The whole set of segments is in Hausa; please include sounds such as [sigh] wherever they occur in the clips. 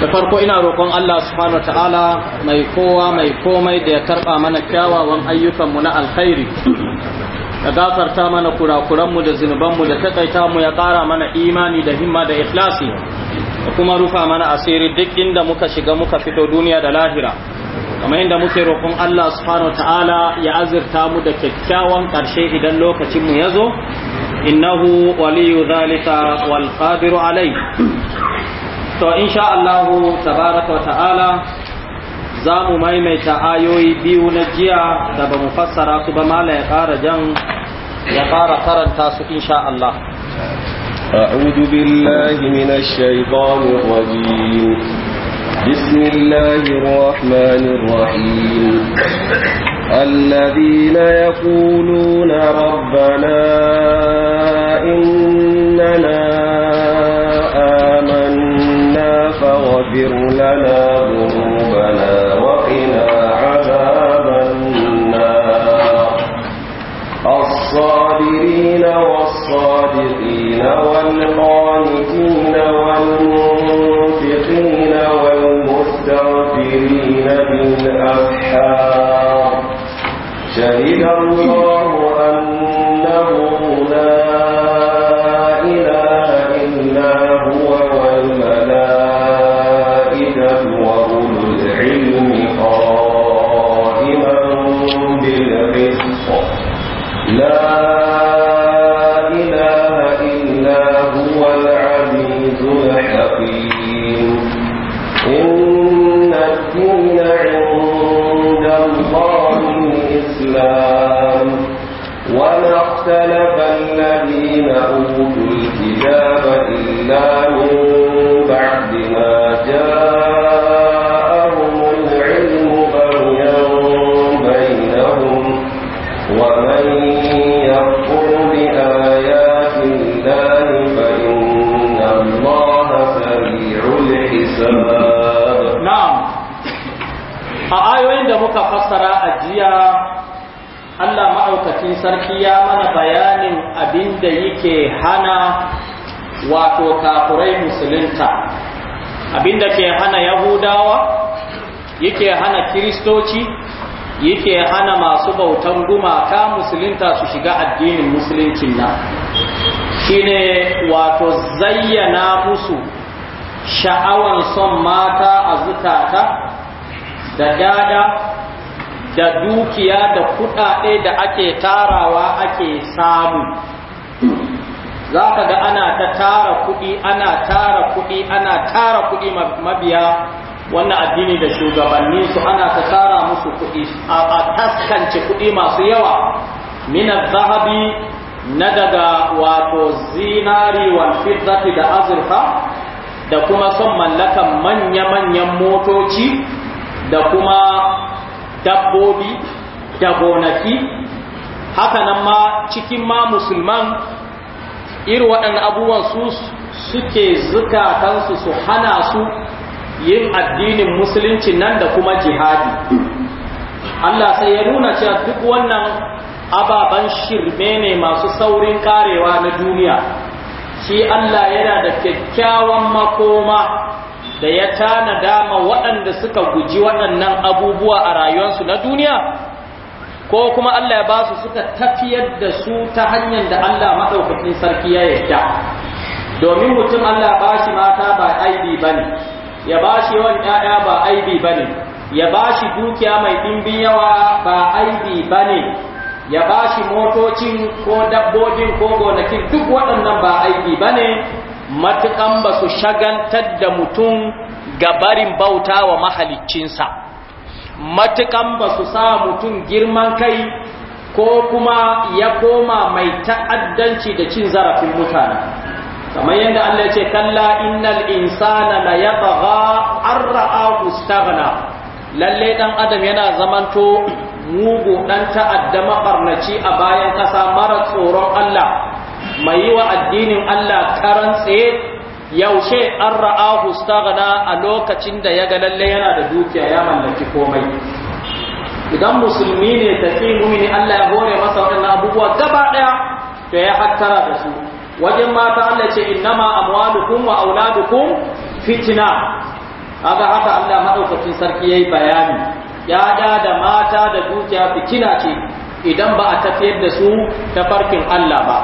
da farko ina roƙon Allah subhanahu ta'ala mai kowa mai komai da ya karɓa mana kyawawan ayyukanmu na alkhairi ya gafarta mana kurakuranmu da zunubanmu da taƙaita mu ya ƙara mana imani da himma da ikhlasi da kuma rufa mana asiri duk inda muka shiga muka fito duniya da lahira kamar inda muke roƙon Allah subhanahu ta'ala ya azurta mu da kyakkyawan ƙarshe idan lokacinmu ya zo innahu waliyu zalika wal qadiru alayhi to sha Allah tabaraka wa ta'ala za mu maimaita ayoyi biyu na jiya da ba mu fassara su ba mala ya ƙara jan ya ƙara karanta su sha Allah. أعوذ بالله من الشيطان الرجيم بسم الله الرحمن الرحيم الذين يقولون ربنا إننا اغفر لنا ذنوبنا وقنا عذاب النار الصابرين والصادقين والقانتين والمنفقين والمستغفرين بالأسحار شهد الله إن الدين عند الله الإسلام وما اختلف الذين أوتوا الكتاب إلا من muka fassara ajiya Allah ma'aukacin sarki ya mana bayanin abin da yake hana wato kafurai musulunta abin da ke hana yahudawa yake hana kiristoci yake hana masu bautan gumaka musulunta su shiga addinin musuluncin nan shine wato zayyana musu sha'awan son mata a zukata da dada da dukiya da kuɗaɗe da ake tarawa ake samu za ka ga ana ta tara kuɗi ana tara kuɗi ana tara kuɗi mabiya wannan addini da shugabanni su ana ta tara musu kuɗi a taskance kuɗi masu yawa minar zahabi na daga wato zinari wal da azurfa da kuma son mallakan manya-manyan motoci da kuma dabbobi da gonaki haka nan ma cikin ma musulman irin waɗannan abubuwan su suke zukatansu su hana su yin addinin musulunci nan da kuma jihadi Allah sai ya nuna cewa duk wannan ababen shirme ne masu saurin karewa na duniya shi Allah yana da kyakkyawan makoma da ya tana dama waɗanda suka guji waɗannan abubuwa a rayuwarsu na duniya ko kuma Allah ya ba su suka tafiyar da su ta hanyar da Allah maɗaukakin sarki ya yarda domin mutum Allah ba shi mata ba aibi ba ne ya ba shi yawan ‘ya'ya ba aibi ba ne ya ba shi dukiya mai ɗimbin yawa ba aibi ba ne ya ba shi motocin ko dabbobin ko gonakin duk waɗannan ba aibi ba ne matukan ba su shagantar da mutum gabarin bauta wa mahaliccinsa matukan ba su sa mutum girman kai ko kuma ya koma mai ta'addanci da cin zarafin mutane kamar yadda Allah ya ce kalla innal insana la yabgha arra'a istaghna lalle dan adam yana zamanto mugu dan ta'adda barnaci a bayan kasa mara tsoron Allah mai yi wa addinin Allah karantse yaushe an ra'ahu staghna a lokacin da ya ga lalle yana da dukiya ya mallaki komai idan musulmi ne tafi mumini Allah ya hore masa waɗannan abubuwa gaba ɗaya to ya hattara da su wajen mata Allah ce innama amwalukum wa auladukum fitna kaga haka Allah madaukakin sarki yayi bayani ya da mata da dukiya fitina ce idan ba a tafiyar da su ta farkin Allah ba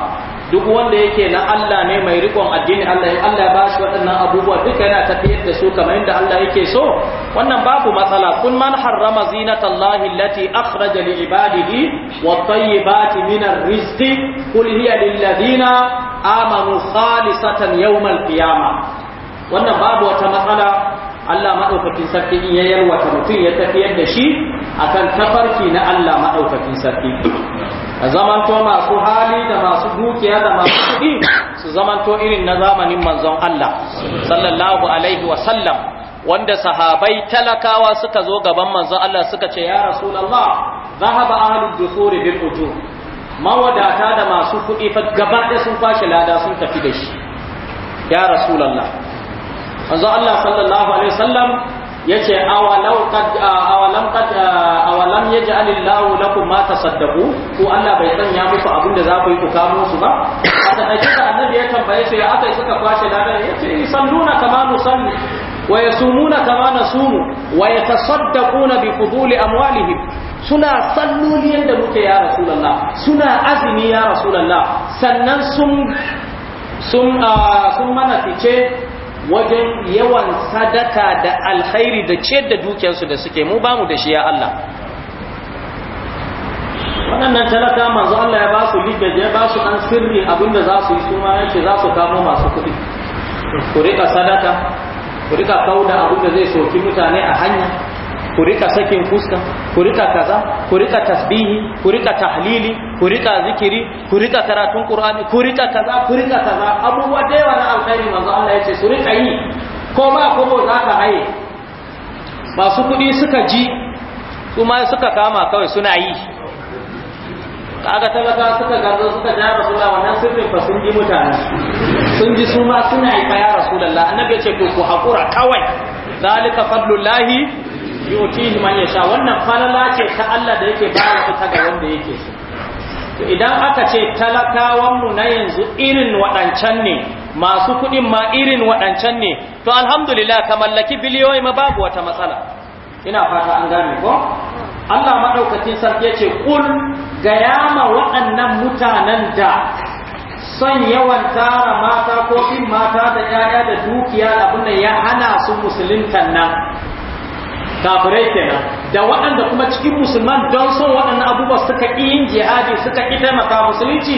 duk wanda yake na Allah ne mai rikon addini Allah ya Allah ba shi waɗannan abubuwa duka yana tafiyar da su kamar yadda Allah yake so wannan babu matsala kun man harrama zinatallahi allati akhraja li ibadihi wat tayyibati min rizqi qul hiya lil ladina amanu khalisatan yawmal qiyamah wannan babu wata matsala Allah madaukakin sarki in ya yalwata mutum ya tafiyar da shi akan tafarki na Allah madaukakin sarki a zamanto masu hali da masu dukiya da masu kuɗi su zamanto irin na zamanin manzon Allah sallallahu alaihi wa sallam. wanda sahabai talakawa suka zo gaban manzon Allah suka ce ya rasulullah zahaba ahlud dusuri bil ujur mawadata da masu kuɗi fa gaba da sun fashi lada sun tafi da shi ya rasulullah manzon Allah sallallahu alaihi wa sallam. yace awalau qad awalam qad awalam yaj'al Allahu lakum ma tasaddaqu ko Allah bai sanya muku abin da za ku yi ku kamo su ba aka dace da annabi ya tambaye su ya aka suka kwace da dare yace salluna kama nusalli wa yasumuna kama nasumu wa yatasaddaquna bi fuduli amwalihim suna salloli yanda muke ya rasulullah suna azumi ya rasulullah sannan sun sun sun mana fice wajen yawan sadaka da alkhairi da ce da dukiyarsu da suke mu bamu da shi ya Allah waɗannan talaka manzo Allah ya ba su lijaje ya ba su an sirri abinda za su yi su ma yace za su kamo masu kuɗi ku rika sadaka ku rika kauda abinda zai soki mutane a hanya ku rika sakin fuska ku rika kaza ku rika tasbihi ku rika tahlili ku rika zikiri ku rika karatun qur'ani ku rika kaza ku rika kaza abubuwa da yawa na alkhairi manzo Allah yace su rika yi ko ma ko za ka haye masu kuɗi suka ji kuma suka kama kawai suna yi kaga talaka suka garzo suka ja rasulullah wannan sirrin fa sun ji mutane sun ji su ma suna yi fa ya rasulullah annabi yace ce ku hakura kawai zalika fadlullahi yu'tihi man yasha wannan falala ce ta Allah da yake bayar ta ga wanda yake so to idan aka ce talakawan mu na yanzu irin wadancan ne masu kuɗin ma irin wadancan ne to alhamdulillah ka mallaki biliyoyi ma babu wata matsala ina fata an gane ko Allah madaukakin sarki yace kul ga yama waɗannan mutanen da son yawan tara mata ko bin mata da ƴaƴa da dukiya abin nan ya hana su musuluntan nan kafirai kenan da waɗanda kuma cikin musulman don son waɗannan abubuwa suka ki yin jihadi suka ƙi taimaka musulunci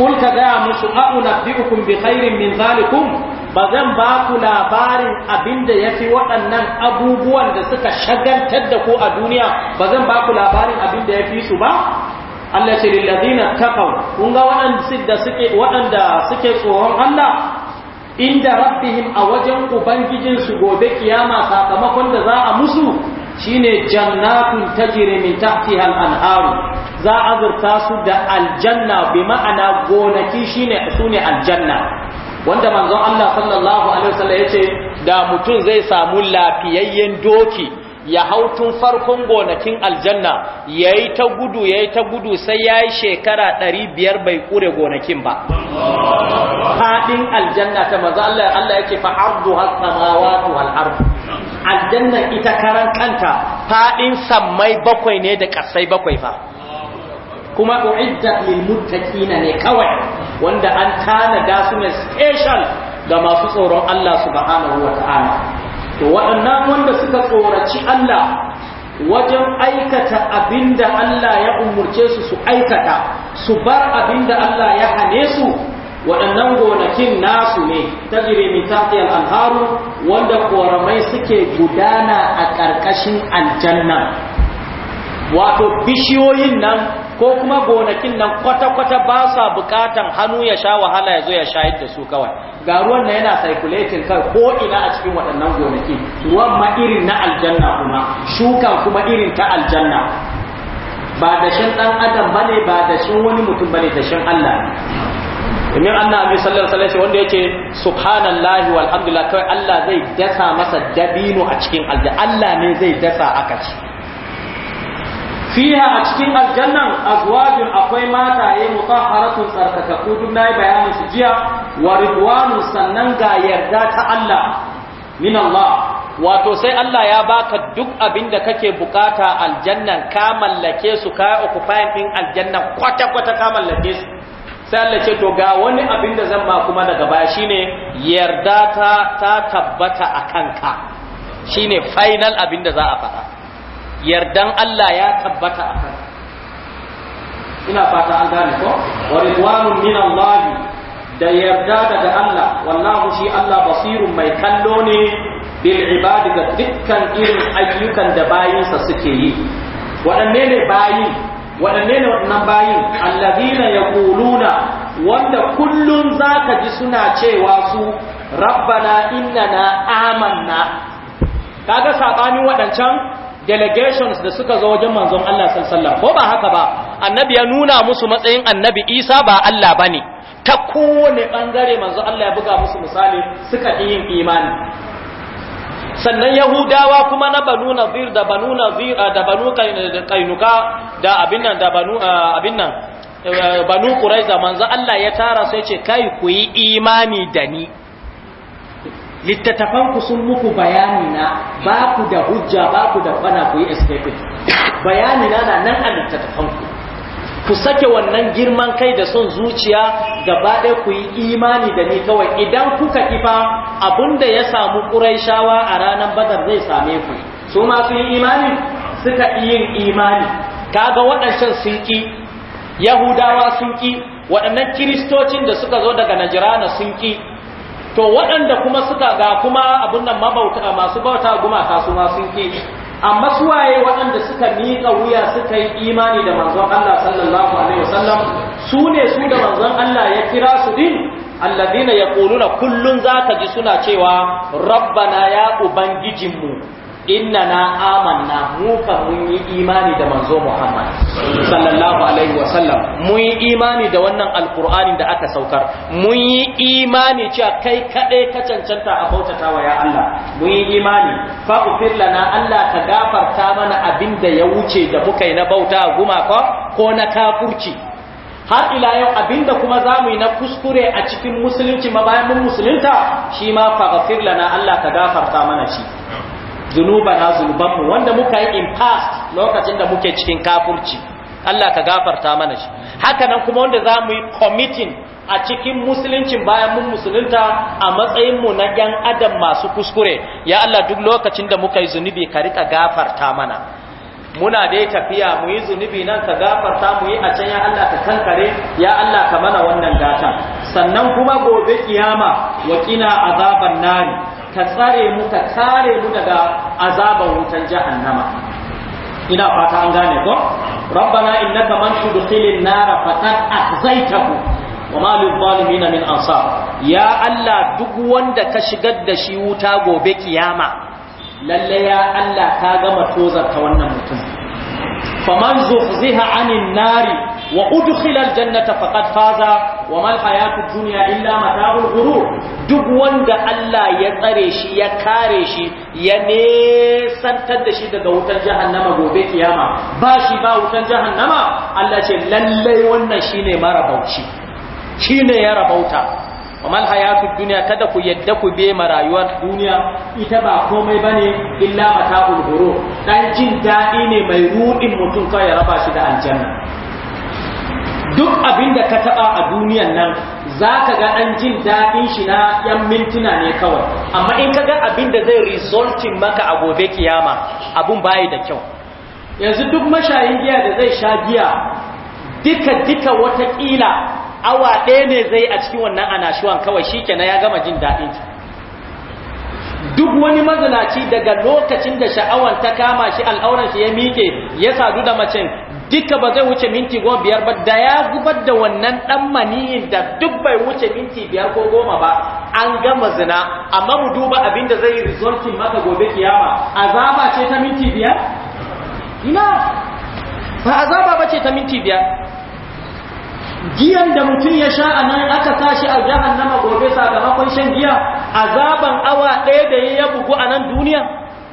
kul gaya musu a'una bi'ukum bi khairin min zalikum ba zan ba ku labarin abin da ya fi waɗannan abubuwan da suka shagaltar da ku a duniya ba zan ba ku labarin abin da ya fi su ba Allah ce lillazina taqaw kun ga waɗanda suke waɗanda suke tsoron Allah inda rabbihim a wajen ubangijinsu gobe kiyama sakamakon da za a musu shine jannatun tajri min tahtiha al-anharu za a zurta su da aljanna bi ma'ana gonaki shine sune aljanna wanda manzon Allah sallallahu alaihi wasallam yace da mutum zai samu lafiyayyen doki ya hau tun farkon gonakin aljanna ya yi ta gudu ya yi ta gudu sai ya yi shekara ɗari biyar bai kure gonakin ba faɗin aljanna ta maza Allah Allah yake fa ardu hasamawa wal ardu aljanna ita karan kanta faɗin sammai bakwai ne da ƙasai bakwai fa kuma uiddat lil muttaqina ne kawai wanda an tanada su ne special ga masu tsoron Allah subhanahu wa ta'ala to waɗannan wanda suka tsoraci Allah wajen aikata abinda Allah ya umurce su su aikata su bar abinda Allah ya hane su waɗannan gonakin nasu ne ta min ta al alharu, wanda ƙoramai suke gudana a ƙarƙashin aljanna wato bishiyoyin nan ko kuma gonakin nan kwata-kwata ba sa bukatan hannu ya sha wahala ya zo ya shayar da su kawai ga ruwan nan yana circulating kai ko ina a cikin waɗannan gonaki ruwan ma irin na aljanna kuma shukan kuma irin ta aljanna ba da shin dan adam bane ba da shin wani mutum bane da shin Allah domin Allah mai sallar alaihi shi wanda yake subhanallahi walhamdulillah kawai Allah zai dasa masa dabino a cikin aljanna Allah ne zai dasa aka ci fiha a cikin aljannan azwajun akwai mataye mutahharatun tsarkakakku duk nayi bayanin su jiya wa ridwanu sannan ga yarda ta Allah wato sai Allah ya baka duk abin da kake bukata aljannan ka mallake su ka occupying din aljannan kwata kwata ka mallake su sai Allah ce to ga wani abin da zan ba kuma daga baya shine yarda ta ta tabbata akan ka shine final abin da za a faɗa yardan Allah ya tabbata a kan ina fata an gane ko wa ridwanun min Allah da yarda daga Allah wallahu shi Allah basirun mai kallo ne bil ibadi ga dukkan irin ayyukan da bayinsa suke yi waɗanne ne bayi waɗanne ne waɗannan bayin allazina yaquluna wanda kullun zaka ji suna cewa su rabbana innana amanna kaga sabanin waɗancan delegations da suka zo wajen manzon Allah sallallahu ko ba haka ba annabi ya nuna musu matsayin annabi Isa ba Allah bane ta kowane bangare manzon Allah ya buga musu misali suka yin imani sannan yahudawa kuma na banu nazir da banu nazir da banu kainuka da abin nan da banu abin nan eh, banu quraiza manzon Allah ya tara sai ce kai ku yi imani da ni littattafanku sun muku bayani na ba ku da hujja ba ku da bana ku yi escaping bayani na na nan a littattafan ku ku sake wannan girman kai da son zuciya gaba ɗaya ku yi imani da ni kawai idan kuka kifa abinda ya samu ƙuraishawa a ranar badar zai same ku su ma su yi imani suka yin imani kaga waɗancan sun yahudawa sun waɗannan kiristocin da suka zo daga najirana sun to waɗanda kuma suka ga kuma abun nan mabauta masu bauta gumaka su ma sun ke amma su waye waɗanda suka miƙa wuya suka yi imani da manzon Allah sallallahu alaihi wasallam su ne su da manzon Allah ya kira su din alladina yaquluna kullun zaka ji suna cewa rabbana ya ubangijinmu inna na amanna mu kan mun yi imani da manzo Muhammad sallallahu alaihi wa sallam mun yi imani da wannan alqur'ani da aka saukar mun yi imani cewa kai kadai ka cancanta a bautata wa ya Allah mun yi imani fa ufir lana Allah ka gafarta mana abinda ya wuce da muka yi na bauta gumaka ko na kafurci har ila yau abinda kuma za mu yi na kuskure a cikin musulunci ma bayan mun musulunta shi ma fa ufir lana Allah ka gafarta mana shi zunuba zunubana zunubanmu wanda muka yi in past lokacin da muke cikin kafurci Allah ka gafarta mana shi haka nan kuma wanda za mu yi committing a cikin musuluncin bayan mun musulunta a matsayinmu na yan adam masu kuskure ya Allah duk lokacin da muka yi zunubi ka rika gafarta mana muna dai tafiya mu yi zunubi nan ka gafarta mu yi a can ya Allah ka kankare ya Allah ka mana wannan gata sannan kuma gobe kiyama wa kina azaban nari ka tsare mu ka kare mu daga azabar wutan jahannama ina fata an gane ko rabbana innaka man tudkhilin nar faqad akhzaytahu wama lil zalimin min ansar ya allah duk wanda ka shigar da shi wuta gobe kiyama lalle ya allah ka gama tozarta wannan mutum faman zuhziha anin nari Wa'udu udkhila aljannata fakar faza wa mal hayatud dunya illa mata'ul duk wanda Allah ya tsare shi ya kare shi ya nesantar da shi daga wutar jahannama gobe kiyama ba shi ba wutar jahannama Allah ce lallai wannan shine marabauci shine ya rabauta wamal hayatu duniya kada ku yadda ku be rayuwar duniya ita ba komai bane illa mata'ul ghurur dan jin dadi ne mai rudin mutum kai raba shi da aljanna duk abin da ka taɓa a duniyan nan za ka ga an jin daɗin shi na ‘yan mintuna ne kawai amma in ka ga abin da zai resultin maka a gobe kiyama abin bayi da kyau yanzu duk mashayin giya da zai sha giya duka-duka watakila awa ɗaya ne zai a cikin wannan ana shiwan kawai shi kenan ya gama jin daɗin shi duk wani mazalaci daga lokacin da sha'awan ta kama shi al'auran shi ya miƙe ya sadu da macen duka ba zai wuce minti goma biyar ba da ya gubar da wannan ɗan maniyin da duk bai wuce minti biyar ko goma ba an gama zina amma mu duba abin da zai resultin maka gobe kiyama azaba ce ta minti biyar? ina ba azaba ba ce ta minti biyar giyan da mutum ya sha a nan aka tashi a jahannama gobe sakamakon shan giya azaban awa ɗaya da ya bugu a nan duniya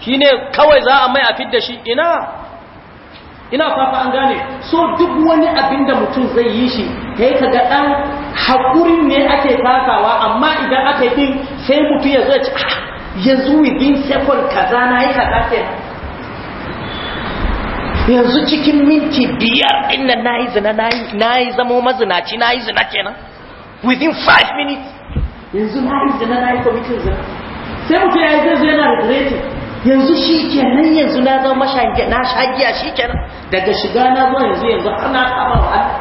shine kawai za a mai a fidda shi ina ina fafa an gane so duk wani abin da mutum zai yi shi ta ka kaga ɗan haƙurin ne ake fafawa amma idan aka yi sai mutum ya zo ya ah, yanzu within second kaza na yi kaza kenan yanzu cikin minti biyar inda na yi zina na yi zamo mazinaci na yi zina kenan within five minutes yanzu na yi zina na yi kwamitin zina sai mutum ya yi zai zai yana regretting yanzu shi kenan yanzu na zama mashagiya na shagiya shi kenan daga shiga na zuwa yanzu yanzu har na wa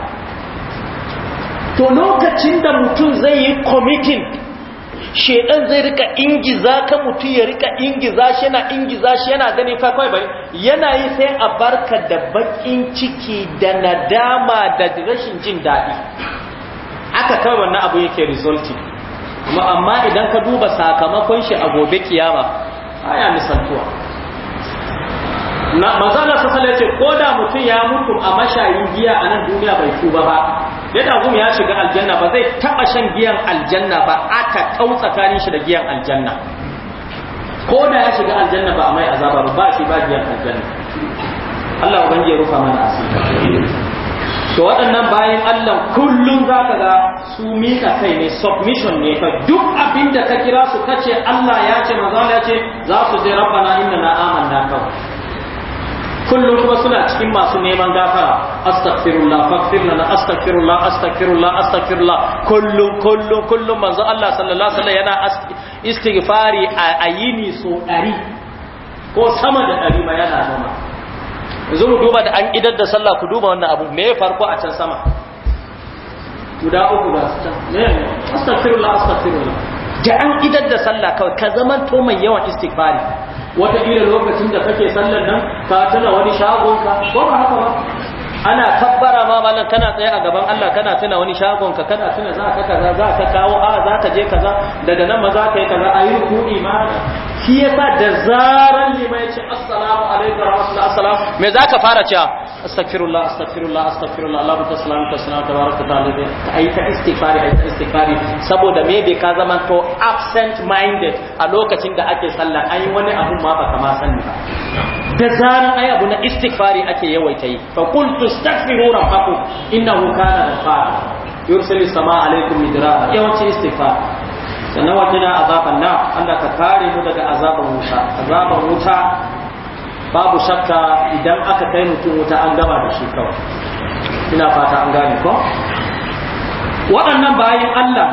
to lokacin da mutum zai yi committing shedan zai rika ingiza ka mutum ya rika ingiza shi yana ingiza shi yana gani fa kai bai yana yi sai a barka da bakin ciki da nadama da rashin jin daɗi aka kai wannan abu yake resulting amma idan ka duba sakamakon shi a gobe kiyama baya misaltuwa na manzala sallallahu ce ko da mutum ya mutu a mashayin giya a nan duniya bai tuba ba ya da ya shiga aljanna ba zai taba shan giyan aljanna ba aka kau tsakanin shi da giyan aljanna ko da ya shiga aljanna ba a mai azaba ba ba shi ba giyan aljanna Allah ubangiji ya rufa mana asiri to waɗannan bayan Allah kullum za ka ga su miƙa kai ne submission ne fa duk abin da ka kira su kace Allah ya ce maza ya ce za su je rabbana innana amanna kawai kullum kuma suna cikin masu neman gafara astaghfirullah faghfir lana astaghfirullah astaghfirullah astaghfirullah kullum kullum kullum manzo Allah sallallahu alaihi wasallam yana istighfari a yini so 100 ko sama da 100 ma yana zama yanzu mu duba da an idar da sallah ku duba wannan abu me ya farko a can sama guda uku ba su can ne astaghfirullah astaghfirullah da an idar da sallah kawai ka zaman to mai yawan istighfari wata ila lokacin da kake sallar nan ka tana wani shagon ka ko ba haka ba ana kabbara ma malam kana tsaye a gaban Allah kana tuna wani shagon ka kana tuna za ka kaza za ka kawo a za ka je kaza daga nan ma za ka yi kaza a yi rukuni ma shi yasa da zaran limai ce assalamu alaikum warahmatullahi assalam me za ka fara cewa astaghfirullah astaghfirullah astaghfirullah Allahu tasalamu tasalamu tabaraka ta'ala ta ai ta istighfari ai ta istighfari saboda me bai ka zama to absent minded a lokacin da ake sallah ai wani abu ma ba ma sani ba da zaran ai abu na istighfari ake yawaita yi fa qultu astaghfiru rabbakum innahu kana ghafara yursilu sama alaikum midrara yawanci istighfar sannan wajina azaban na Allah ka kare mu daga azaban wuta azaban wuta babu shakka idan aka kai mutum wuta an gama da shi kawai ina fata an gane ko waɗannan bayan Allah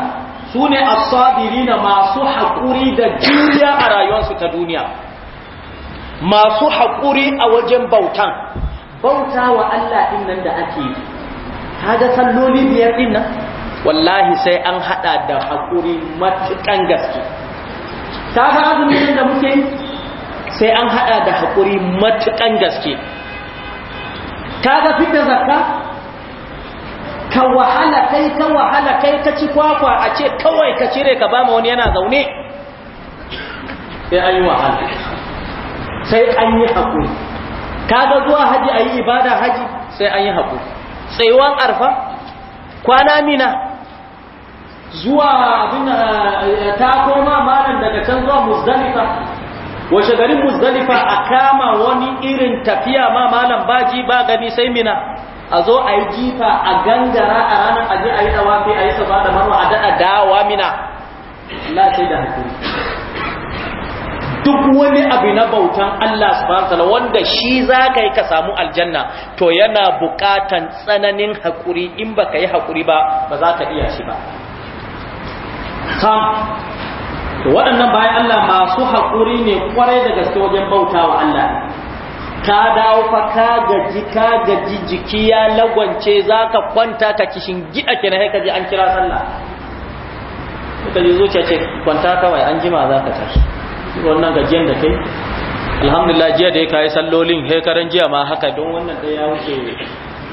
su ne asabirina masu haƙuri da juriya a rayuwarsu ta duniya masu haƙuri a wajen bautan bauta wa Allah ɗin nan da ake yi kaga salloli biyar ɗin nan wallahi sai an haɗa da haƙuri matuƙan gaske Ta ga azumin da muke sai an haɗa da haƙuri matuƙan gaske Ta ga fita zakka ka wahala kai ka wahala kai ka ci kwakwa a ce kawai ka cire ka ba ma wani yana zaune sai an yi wahala sai an yi haƙuri kaga zuwa haji a yi ibada haji sai an yi haƙuri tsayuwan arfa kwana mina zuwa abin eh, ta koma malam daga can zuwa muzdalifa wace garin muzdalifa a kama wani irin tafiya ma malam baji ba gani sai mina a zo a yi jifa a gangara a ranar aji a yi dawafi a yi saba da marwa a daɗa dawa mina Allah sai da hakuri duk wani abu na bautan Allah subhanahu wanda shi zaka yi ka samu aljanna to yana bukatan tsananin hakuri in baka yi hakuri ba ba za ka iya shi ba Kam to waɗannan bayan Allah masu hakuri ne kwarai da gaske wajen bautawa Allah ka dawo fa ka gaji ka gaji jiki ya lagwance zaka kwanta ka kishin gida kenan ka ji an kira sallah kuka ji zuciya ce kwanta kawai an jima za ka tashi wannan gajiyar da kai alhamdulillah jiya da ya kayi sallolin he jiya ma haka don wannan da ya wuce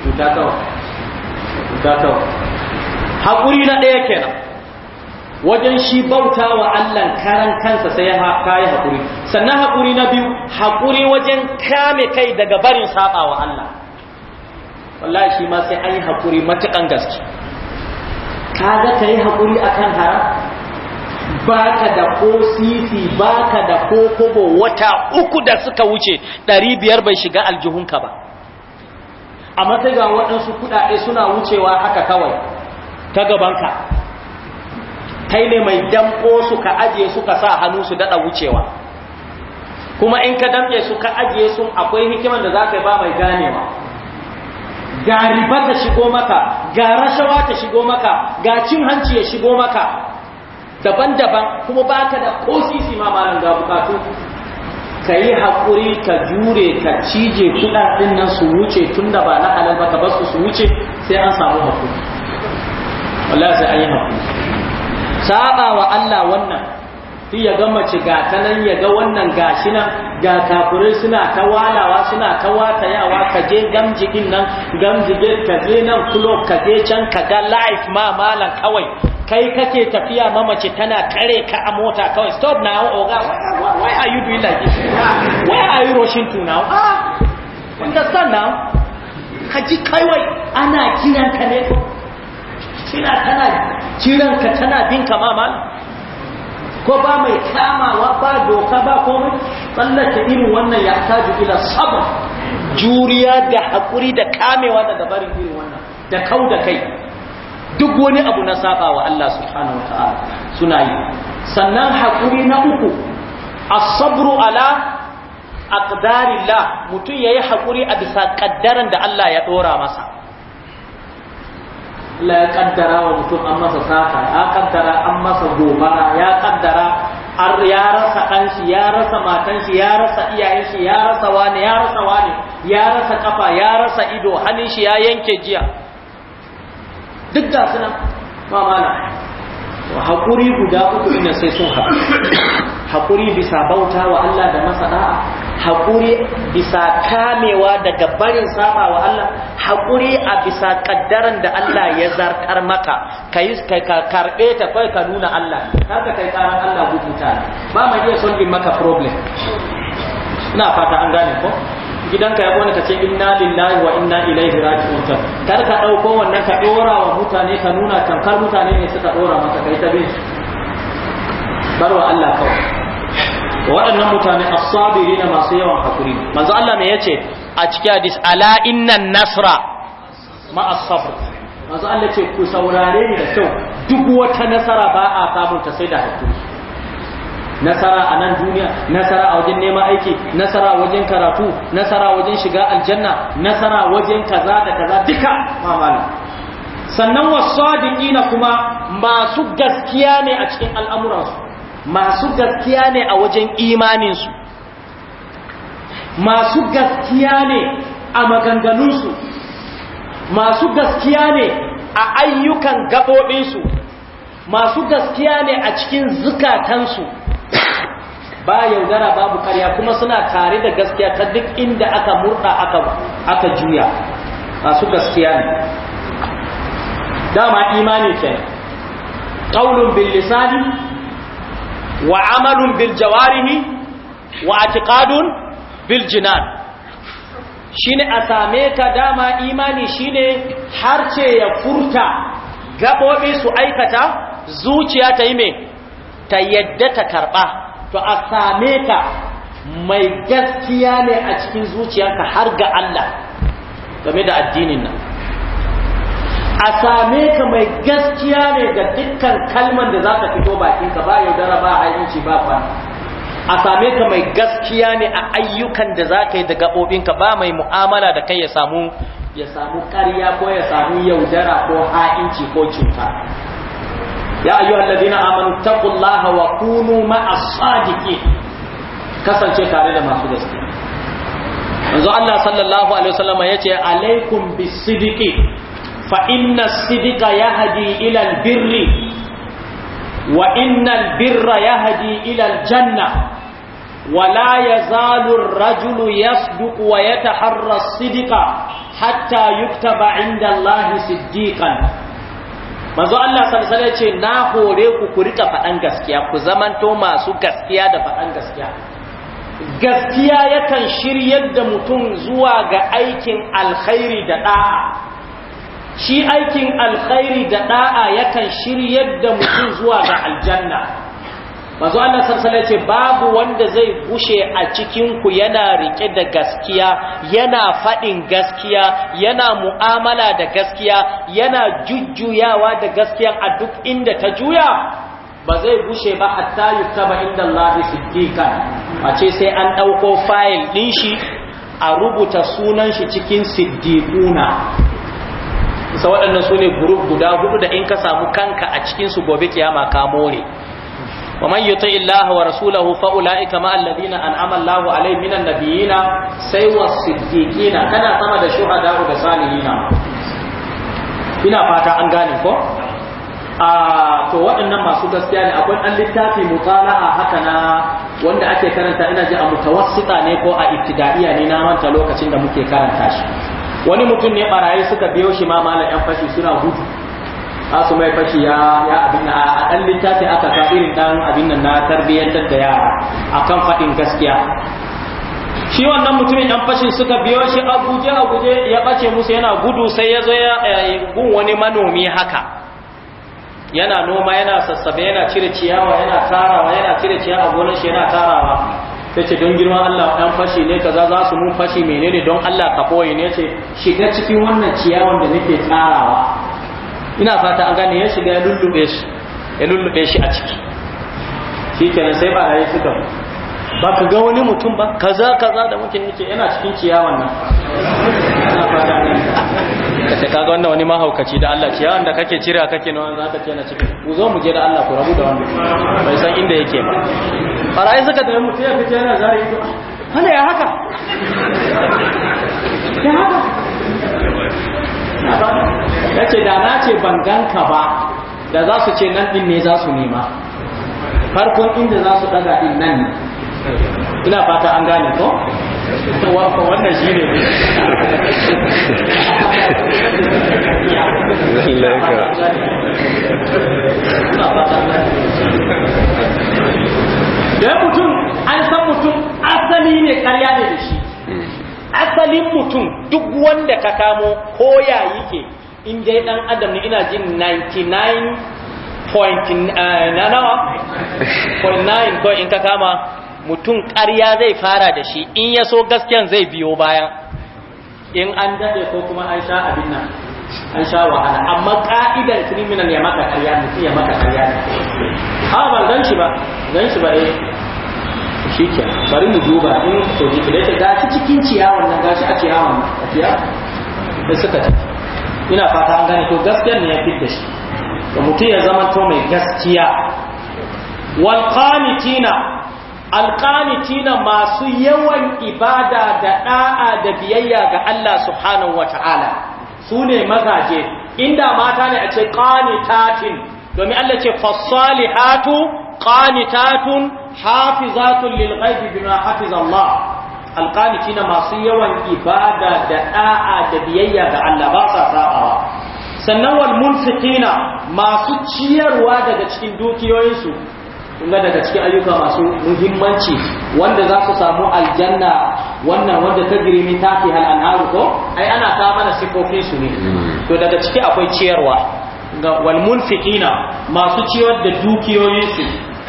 cuta kawai haƙuri na ɗaya kenan wajen shi bauta wa Allah karan kansa sai ya kayi haƙuri sannan haƙuri na biyu haƙuri wajen kame kai daga barin saba wa Allah wallahi shi ma sai an yi haƙuri matuƙan gaske ga ka yi haƙuri akan haram baka da ko sisi baka da ko kobo wata uku da suka wuce ɗari biyar bai shiga aljihunka ba A sai ga waɗansu kuɗaɗe suna wucewa haka kawai ta gabanka kai ne mai damko su ka ajiye su ka sa hannu su daɗa wucewa kuma in ka damke su ka ajiye su akwai hikiman da za ka ba mai ganewa ga riba ta shigo maka ga rashawa ta shigo maka ga cin hanci ya shigo maka daban-daban kuma ba ka da ko sisi ma malam ga bukatu ka yi haƙuri ka jure ka cije kuɗaɗen nan su wuce tun da ba na halal ba ka basu su wuce sai an samu haƙuri Allah sai an yi haƙuri saba wa Allah wannan su ya ga mace ga ta nan ya ga wannan gashi nan ga kafirai suna ta walawa suna ta watayawa ka je gamjigin nan gamjigin ka je nan kulo ka je can ka ga life ma malam kawai kai kake tafiya mamace tana kare ka a mota kawai stop hau oga oh why, are you doing like this why are you rushing to now ah understand now kaji kaiwai ana kiran ka ne Kina tana kiran ka tana bin ka mama ko ba mai kamawa ba doka ba komai tsallake irin wannan ya taji ila sabon juriya da haƙuri da kamewa da dabarin irin wannan da kau da kai duk wani abu na saba wa Allah subhanahu wata'ala suna yi sannan haƙuri na uku as-sabru ala aqdarillah mutum ya yi haƙuri a bisa kaddaran da Allah ya ɗora masa Allah ya kaddara wa mutum an masa sata ya kaddara an masa gobara ya kaddara har ya rasa ɗanshi ya rasa matanshi ya rasa iyayenshi ya rasa wani ya rasa wani ya rasa ƙafa, ya rasa ido hannun ya yanke jiya duk da suna ba haƙuri guda uku ina sai sun haɗu haƙuri bisa bauta wa Allah da masa da'a haƙuri bisa kamewa daga barin saba wa Allah haƙuri a bisa ƙaddaran da Allah ya zarkar maka ka yi karɓe ta kai ka nuna Allah ka kai karan Allah gudu ta ba mai iya solving maka problem ina fata an gane ko gidanka ya kone ka ce inna lillahi wa inna ilaihi raji'un kar ka dauko wannan ka dora wa mutane ka nuna tamkar mutane ne suka dora maka kai ta bin barwa Allah kawai waɗannan mutane as-sabirin masu yawan hakuri manzo Allah me yace a cikin hadis ala inna nasra ma as-sabr manzo Allah ce ku saurare ni da kyau duk wata nasara ba a samu ta sai da hakuri nasara a nan duniya nasara a wajen neman aiki nasara wajen karatu nasara wajen shiga aljanna nasara wajen kaza da kaza duka mamala sannan wasadiqina kuma masu gaskiya ne a cikin al'amuransu masu gaskiya ne a wajen imaninsu masu gaskiya ne a maganganunsu masu gaskiya ne a ayyukan gaɓoɓinsu masu gaskiya ne a cikin zukatansu ba yaudara babu karya kuma suna tare da gaskiya ta duk inda aka murda aka juya masu gaskiya ne dama imani ke qaulun bil lisani wa Biljina. bil wa a same ka dama imani shine harce ya furta gabobi su aikata zuciya ta yi me ta yadda ta karɓa. to a same ka mai gaskiya ne a cikin zuciyarka har ga Allah game da addinin nan a same ka mai gaskiya ne ga dukkan kalman da za ka fito bakinka ba yaudara ba hanyar ba ba a same ka mai gaskiya ne a ayyukan da za ka yi da gaɓoɓinka ba mai mu'amala da kai ya samu ya samu ƙarya ko ya samu yaudara ko ha'inci ko cuta ya ayyuhal ladina amanu taqullaha wa kunu ma'as sadiqin kasance tare da masu gaskiya yanzu Allah sallallahu alaihi wasallam yace alaikum bisidiqi fa inna sidika yahdi ila albirri wa innal birra yahdi ila aljanna ولا يزال الرجل يصدق ويتحرى الصدق حتى يكتب عند الله صديقا manzo Allah sallallahu alaihi ce na hore ku ku rika faɗan gaskiya ku zamanto masu gaskiya da faɗan gaskiya gaskiya yakan shiryar da mutum zuwa ga aikin alkhairi da da'a shi aikin alkhairi da da'a yakan shiryar da mutum zuwa ga aljanna manzo Allah sallallahu alaihi ce babu wanda zai bushe a cikin ku yana rike da gaskiya yana fadin gaskiya yana mu'amala da gaskiya yana jujjuyawa da gaskiya a duk inda ta juya ba zai bushe ba hatta yuktaba inda Allah siddiqa a ce sai an ɗauko fayil din shi a rubuta sunan shi cikin siddiquna sa waɗannan su ne guda hudu da in ka samu kanka a cikinsu gobe kiyama ka more ومن يطع الله ورسوله فاولئك مع الذين انعم الله عليهم من النبيين سوى الصديقين كان سما da shuhada da salihina ina fata an gane ko a to waɗannan masu gaskiya ne akwai ɗan littafi a haka na wanda ake karanta ina ji a mutawassita ne ko a ibtidaiya ne na manta lokacin da muke karanta shi wani mutum ne barayi suka biyo shi ma malam yan fashi suna gudu asu mai fashi ya abin a dan littafi aka sa irin dan abin nan na tarbiyyantar da yara akan fadin gaskiya shi wannan mutumin dan fashi suka biyo shi a guje a guje ya bace musu yana gudu sai ya zo ya gun wani manomi haka yana noma yana sassabe yana cire ciyawa yana tarawa yana cire ciyawa gonar shi yana tarawa ce don girman Allah dan fashi ne kaza za su mun fashi menene don Allah ka boye ne ce shiga cikin wannan ciyawan da nake tarawa ina fata an gane ya shiga ya lullube shi ya lullube shi a ciki shi kenan sai barayi suka ba ka ga wani mutum ba kaza kaza da muke nake yana cikin ciyawan nan ina fata ne ka ce kaga wannan wani mahaukaci da Allah ciyawan da kake cira kake nawa za ka ce na cikin ku zo mu je da Allah ku rabu da wannan bai san inda yake ba barayi suka da mutum ya fice yana zari ido hana ya haka ya haka yace da na ce ban ganka ba da za su ce nan din ne za su nema farkon inda za su daga din nan ne ina fata an gane ko wannan shi ne da mutum an san mutum asali ne karya ne da shi asalin mutum duk wanda ka kamo ko ya yake in dai dan adam ne ina jin 99.9 eh, ko in ka kama mutum ƙarya zai fara da shi in ya so gaskiyan zai biyo bayan in an daɗe ko kuma an sha abin nan an sha wahala amma ka'idar criminal ya maka ƙarya mutum ya maka ƙarya ne ha ban shi ba zan shi ba eh shi ke bari mu duba in to ne da ga ta cikin ciyawan nan gashi a ciyawan a ciya da suka ta ina fata an gane to gaskiyar ne ya da shi da mutum ya zama to mai gaskiya wal qanitina al masu yawan ibada da ɗa'a da biyayya ga Allah subhanahu Sune su ne mazaje inda mata ne a ce qanitatin domin Allah ce fasalihatu qanitatun hafizatun lil ghaibi bima hafiza Allah alqanitina masu yawan ibada da da'a da biyayya ga Allah ba sa sabawa sannan wal munfiqina masu ciyarwa daga cikin dukiyoyinsu kuma daga cikin ayyuka masu muhimmanci wanda za su samu aljanna wannan wanda ta girmi ta fi hal'anharu ko ai ana ta mana sifofin su ne hmm. to daga ciki akwai ciyarwa ga walmunfiqina masu ciyar da dukiyoyinsu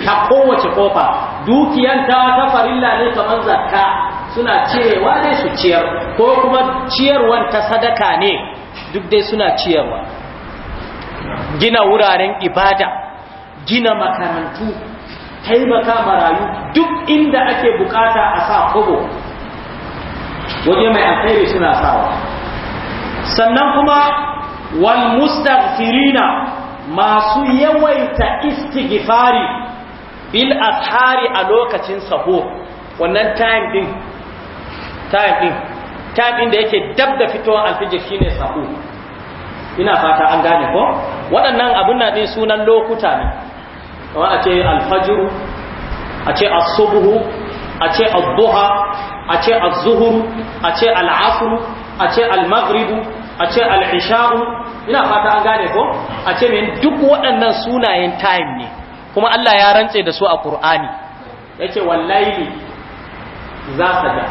ta kowace kofa dukiyanta ta farilla ne ta zakka suna cirewa ne su ciyar ko kuma ciyarwan ta sadaka ne duk dai suna ciyarwa gina wuraren ibada gina makarantu taimaka marayu duk inda ake bukata a sa kobo waje mai alkhairi suna sawa sannan kuma wal mustaghfirina masu yawaita istighfari bil ashari a lokacin saho wannan time din time din time din da yake dab da fitowar alfijir shine saho ina fata an gane ko waɗannan abun na din sunan lokuta ne kamar a ce alfajiru a ce asubuhu a ce adduha a ce azuhuru a ce al'asru a ce almaghribu a ce al'isha'u ina fata an gane ko a ce min duk waɗannan sunayen time ne kuma Allah ya rantse da su a Qur'ani yace wallahi za ka ga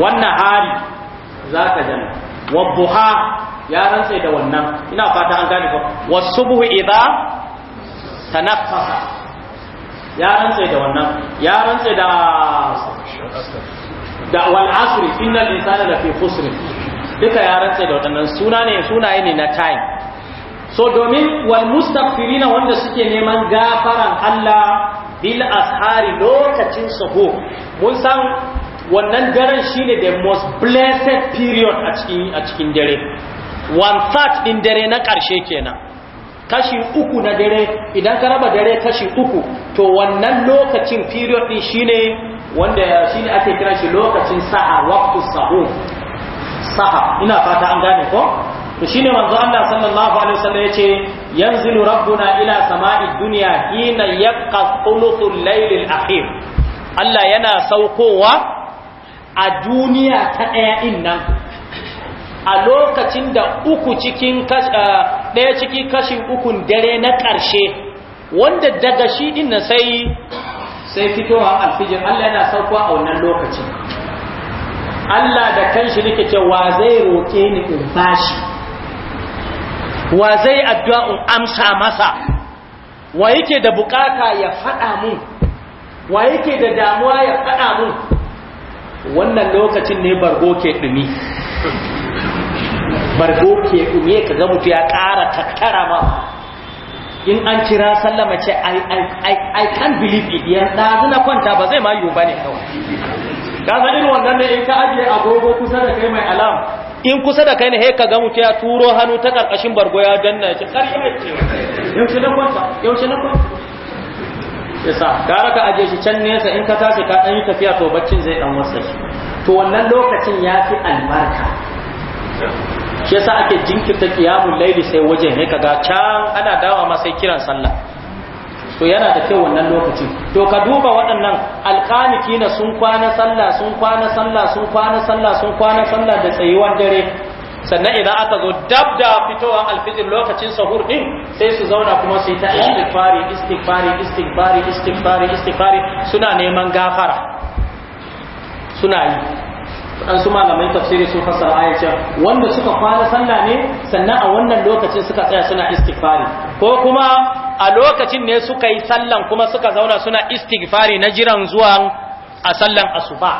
wannan hari za ka ga wabuha ya rantse da wannan ina fata an gane ko wasubuhu idza tanaffasa ya rantse da wannan ya rantse da da wal asri innal insana lafi khusr duka ya rantse da wannan suna ne sunaye ne na time so domin wal mustafirina wanda suke neman gafaran Allah bil ashari lokacin sahu mun san wannan daren shine the most blessed period a cikin a cikin dare one third din dare na karshe kenan kashi uku na dare idan ka raba dare kashi uku to wannan lokacin period din shine wanda shine ake kira shi lokacin sa'a waqtu sahu, sa'a ina fata an gane ko to shine manzo Allah sallallahu alaihi wasallam yace yanzilu rabbuna ila sama'id dunya hina yaqqa thuluthul laylil akhir Allah yana saukowa a duniya ta daya din nan a lokacin da uku cikin daya cikin kashin ukun dare na karshe wanda daga shi din nan sai sai fitowa alfijir Allah yana saukowa a wannan lokacin Allah da kanshi nake cewa zai roke ni in bashi wa zai addu'a in amsa masa wa yake da bukata ya faɗa mun wa yake da damuwa ya faɗa mun wannan lokacin ne bargo ke ɗumi bargo ke ɗumi ka ga mutu ya ƙara tattara ma in an kira sallama ce I, ai, ai, believe it ya na kwanta ba zai ma yiwu ba ne kawai ga irin wannan ne in ka ajiye agogo kusa da kai mai alam in kusa da kai ne he ka ga mutu ya turo hannu ta karkashin bargo ya danna shi ya ce yaushe na kwanta yaushe na kwanta yasa gara ka aje shi can nesa in ka tashi ka ɗan yi tafiya to baccin zai ɗan wasa shi to wannan lokacin ya fi albarka shi yasa ake jinkirta kiyamun laili sai wajen ne ga can ana dawa ma sai kiran sallah to yana da kyau wannan lokaci to ka duba waɗannan alƙaniki na sun kwana sallah sun kwana sallah sun kwana sallah sun kwana sallah da tsayuwar dare sannan idan aka zo dab da fitowar alfijir lokacin sahur din sai su zauna kuma su yi ta istighfari istighfari istighfari istighfari istighfari suna neman gafara suna yi waɗansu malamai tafsiri sun fassara ayacin wanda suka kwana sallah ne sannan a wannan lokacin suka tsaya suna istighfari ko kuma a lokacin ne suka yi sallan kuma suka zauna suna istighfari na jiran zuwa a sallan asuba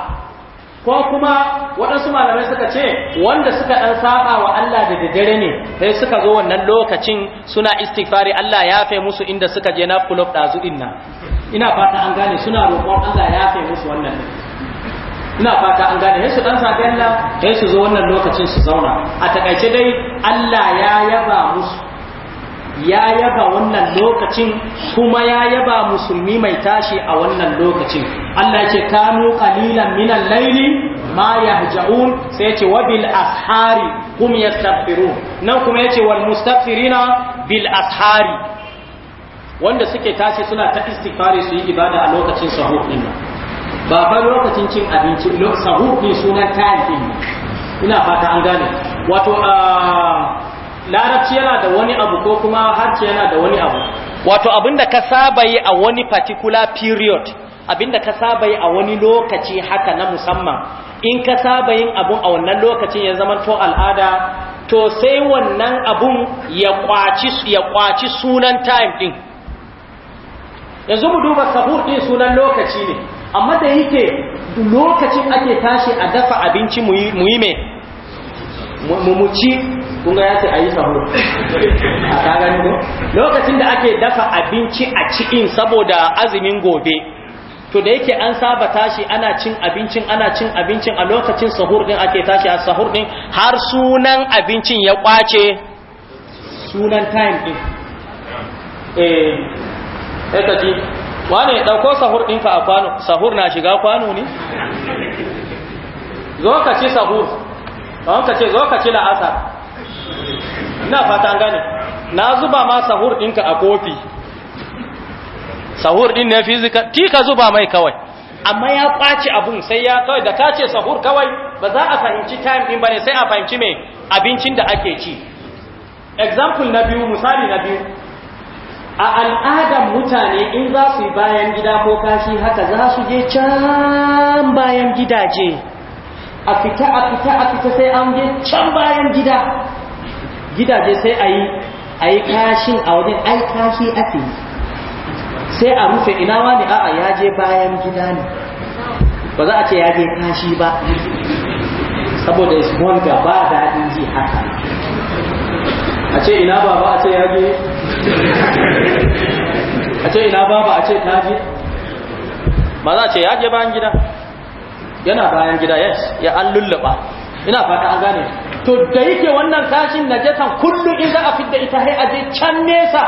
ko kuma waɗansu malamai suka ce wanda suka ɗan saba wa Allah da dare ne sai suka zo wannan lokacin suna istighfari Allah ya fe musu inda suka je na kulob ɗazu inna. ina fata an gane suna roƙon Allah ya fe musu wannan ina fata an gane sai su dan sa galla sai su zo wannan lokacin su zauna a takaice dai Allah ya yaba musu ya yaba wannan lokacin kuma ya yaba musulmi mai tashi a wannan lokacin Allah ya kanu qalilan minal laili ma yahja'un sai ya ce wa bil ashari hum yastaghfirun nan kuma ya ce wal mustaghfirina bil ashari wanda suke tashi suna ta istighfari su yi ibada a lokacin sahur din nan ba lokacin cin abinci sahur ne sunan kayan din ina fata an gane wato larabci yana da wani abu ko kuma harci yana da wani abu wato abinda ka saba yi a wani particular period abinda ka saba yi a wani lokaci haka na musamman in ka saba yin abun a wannan lokacin ya zama to al'ada to sai wannan abun ya kwaci ya kwaci sunan time din yanzu mu duba sahur din sunan lokaci ne amma da yake lokacin ake tashi a dafa abinci mu yi me mu ci kunga ya ce a yi sahur [laughs] a kagani ko lokacin da ake dafa abinci a cikin saboda azumin gobe to da yake an saba tashi ana cin abincin ana cin abincin a lokacin sahur din ake tashi a sahur din har sunan abincin ya kwace sunan time din eh ka ji wane ɗauko sahur ɗinka a kwano sahur na shiga kwano ne zo ka ci sahur ɗan ka ce zo ka ci la'asar ina fata gane na zuba ma sahur ɗinka a kofi sahur ɗin ne fizika ti ka zuba mai kawai amma ya ƙwaci abun sai ya kawai da ta ce sahur kawai ba za a fahimci time ɗin ba ne sai a fahimci mai abincin da ake ci example na biyu misali na biyu a al'adar mutane in za su yi bayan gida ko kashi haka za su je can bayan gidaje a fita a fita a fita sai an je can bayan gida gidaje sai a yi a yi kashin a wajen ai kashi ake yi sai a rufe ina wani a'a ya je bayan gida ne ba za a ce ya je kashi ba saboda ismon ba daɗin ji haka a ce ina ba ba a ce ya je a ce ina baba a ce ta je ba za a ce ya je bayan gida yana bayan gida yes ya an lullaba ina fata an gane to da yake wannan kashin najasan kullum in za a fidda ita hai aje can nesa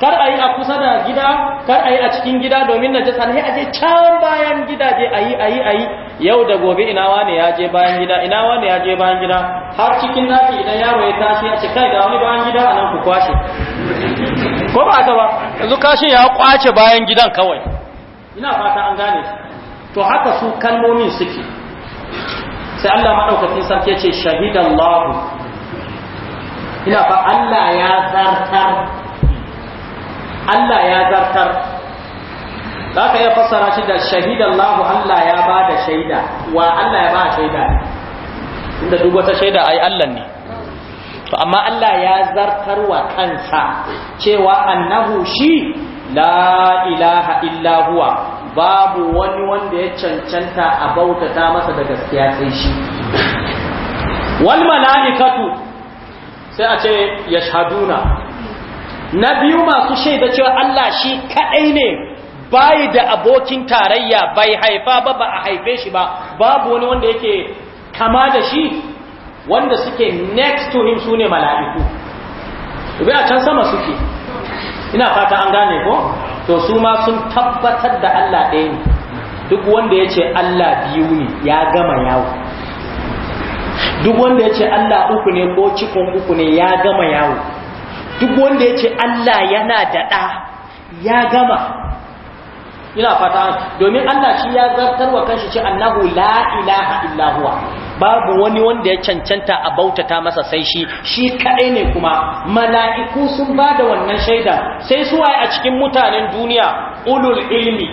kar a yi a kusa da gida kar a yi a cikin gida domin najasan hai aje can bayan gida je a yi a yi a yi yau da gobe ina wane ya je bayan gida ina wane ya je bayan gida har cikin naki idan yaro ya tashi a ce kai da wani bayan gida a nan ku kwashe ko ba ka ba yanzu kashin ya kwace bayan gidan kawai ina fata an gane to haka su kalmomin suke sai Allah madaukakin sarki ya ce shahidallahu ina fa Allah ya zartar Allah ya zartar za ka iya fassara shi da shahidallahu Allah ya bada shaida wa Allah ya ba shaida inda duk wata shaida ai Allah ne to amma Allah ya zartarwa kansa cewa annahu shi la ilaha illa huwa babu wani wanda ya cancanta a bautata masa da gaskiya sai shi wal mala'ikatu sai a ce yashhaduna na biyu masu shaida cewa Allah shi kadai ne bayi da abokin tarayya bai haifa ba ba a haife shi ba babu wani wanda yake kama da shi wanda suke next to him sune mala'iku bai a can sama suke ina fata an gane ko to su ma sun tabbatar da Allah ɗaya ne duk wanda ya ce Allah biyu ne ya gama yawo duk wanda ya ce Allah uku ne ko cikon uku ne ya gama yawo duk wanda ya ce Allah yana da ɗa ya gama ina fata domin Allah shi ya zartar wa kanshi ce annahu la ilaha illa huwa babu wani wanda ya cancanta a bautata masa sai shi shi kadai ne kuma mala'iku sun bada wannan shaida sai su waye a cikin mutanen duniya ulul ilmi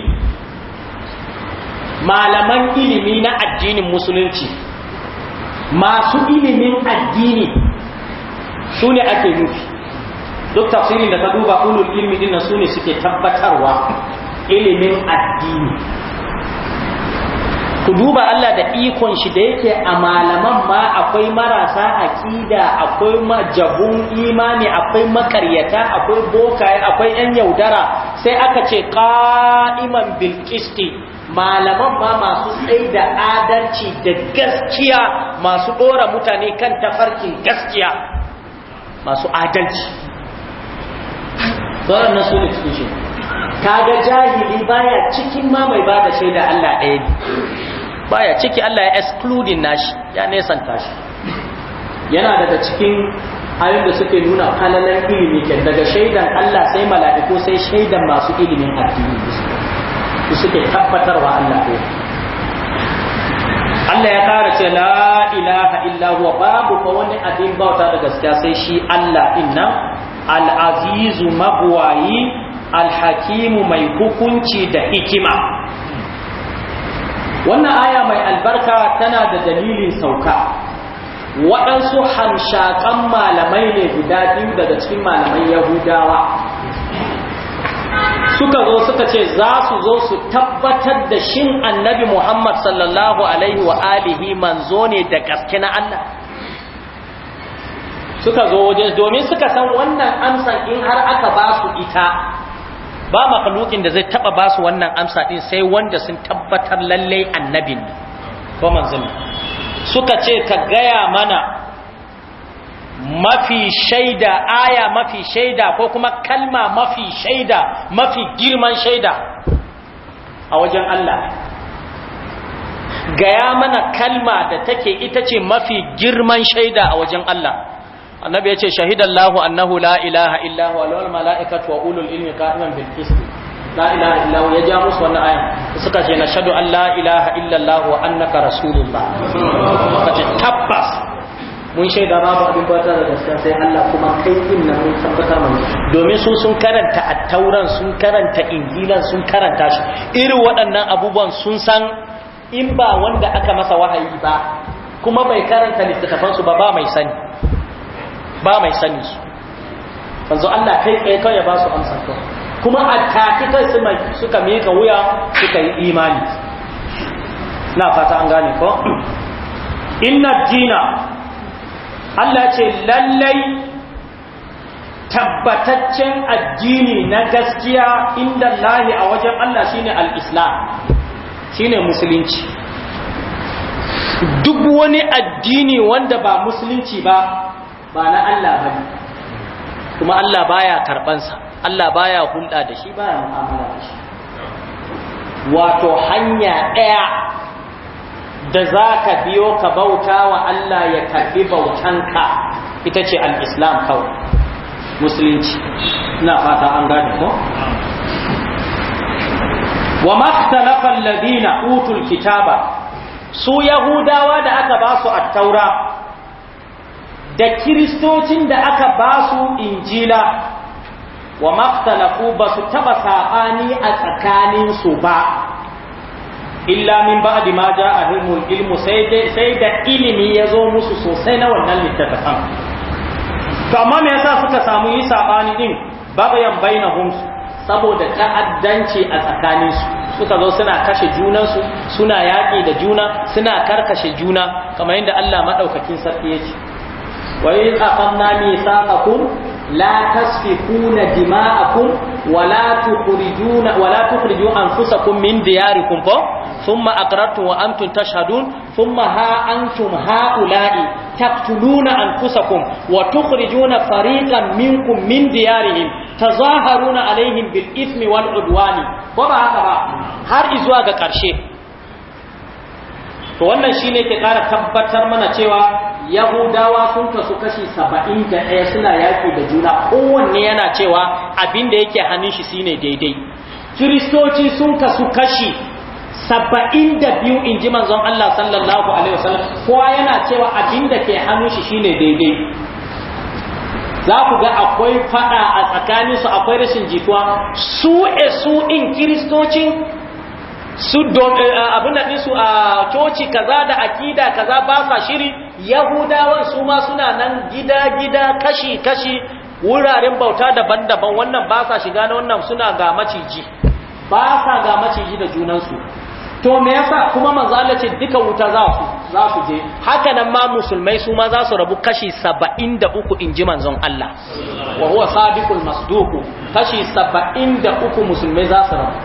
malaman ilimi na addinin musulunci masu ilimin addini su ne ake nufi duk tafsirin da ka duba ulul ilmi dinnan su ne suke tabbatarwa ilimin addini ku duba Allah da ikon shi da yake a malaman ma akwai marasa aƙida akwai majabun imani akwai makaryata akwai bokaye akwai yan yaudara sai aka ce qa'iman bil qisti malaman ma masu sai da adalci da gaskiya masu dora mutane kan tafarkin gaskiya masu adalci Ba na su ne kaga jahili baya cikin ma mai bada shaida Allah ɗaya ne baya ciki Allah ya excluding nashi ya nesanta shi yana daga cikin ayoyin da suke nuna kalalan ilimi ke daga shaidan Allah sai mala'iku sai shaidan masu ilimin addini su suke tabbatarwa Allah ko Allah ya kara ce la ilaha illa huwa babu ko wani abin bauta da gaskiya sai shi Allah inna al-azizu mabwayi alhakimu mai hukunci da hikima wannan aya mai albarka tana da dalilin sauka waɗansu hamshakan malamai ne guda biyu daga cikin malaman yahudawa suka zo suka ce za su zo su tabbatar da shin annabi Muhammad sallallahu alaihi wa alihi manzo ne da gaske na Allah suka zo wajen domin suka san wannan amsan in har aka ba su ita ba makhlukin da zai taba basu wannan amsa din sai wanda sun tabbatar lalle annabin ko manzon suka ce ka gaya mana mafi shaida aya mafi shaida ko kuma kalma mafi shaida mafi girman shaida a wajen Allah gaya mana kalma da take ita ce mafi girman shaida a wajen Allah annabi ya ce shahidallahu annahu la ilaha illahu wal mala'ikatu wa ulul ilmi qa'iman bil qist la ilaha illahu ya ja musu wannan aya suka ce na nashhadu an la ilaha illallah wa annaka rasulullah suka ce tabbas mun shaida babu abin bata da gaskiya sai Allah kuma kai din nan mun tabbata mun domin su sun karanta at-tauran sun karanta injilan sun karanta shi irin waɗannan abubuwan sun san in ba wanda aka masa wahayi ba kuma bai karanta littattafansu ba ba mai sani ba mai sani su manzo Allah kai kai kai ya ba su amsa ko. kuma attaki kai suka mika wuya suka yi imani na fata an gane ko [clears throat] inna dina Allah ce lallai tabbataccen addini na gaskiya inda lahi a wajen Allah shine al-islam shine musulunci duk wani addini wanda ba musulunci ba ba na Allah ba kuma Allah baya karɓansa Allah baya hulɗa da shi baya mu'amala da shi wato hanya ɗaya da za ka biyo ka bauta wa Allah ya karɓi bautanka ita ce al'islam kawai musulunci na fata an gani ko? wa maktalafan ladina utul kitaba su yahudawa da aka ba su taura? da kiristocin da aka ba su injila wa maktalaku ba su taba saɓani a tsakaninsu ba illa min ba ma ja a ilmu sai da ilimi ya zo musu sosai na wannan littattafan to amma me yasa suka samu yi saɓani ɗin babayan hunsu? saboda ta'addanci a tsakaninsu suka zo suna kashe junansu suna yaƙi da juna suna karkashe juna kamar yadda Allah maɗaukakin sarki ya ce wa in aqamna mithaqakum la tasfikuna dima'akum wa la tukhrijuna wa la tukhriju anfusakum min diyarikum fa thumma aqrartum wa antum tashhadun thumma ha antum haula'i taqtuluna anfusakum wa tukhrijuna fariqan minkum min diyarihim tazaharuna alaihim bil ithmi wal udwani ko ba haka ba har izuwa ga ƙarshe? to wannan shine ke ƙara tabbatar mana cewa yahudawa sun kasu kashi saba'in da ɗaya suna yaƙi da juna kowanne yana cewa abin da yake hannun shi shine daidai kiristoci sun kasu kashi saba'in da biyu in ji manzon Allah sallallahu alaihi wasallam kowa yana cewa abin da ke hannun shi shine daidai za ku ga akwai faɗa a tsakaninsu akwai rashin jituwa su e su in kiristocin su eh, abin da su a coci kaza da akida kaza ba sa shiri yahudawan su ma suna nan gida-gida kashi-kashi wuraren bauta daban-daban wannan ba sa shiga na wannan suna ga maciji ba sa ga maciji da junansu to me yasa kuma manzo Allah ce duka wuta za su za su je haka nan ma musulmai su ma za su rabu kashi 73 inji manzon Allah wa huwa sadiqul masduq kashi 73 musulmai za su rabu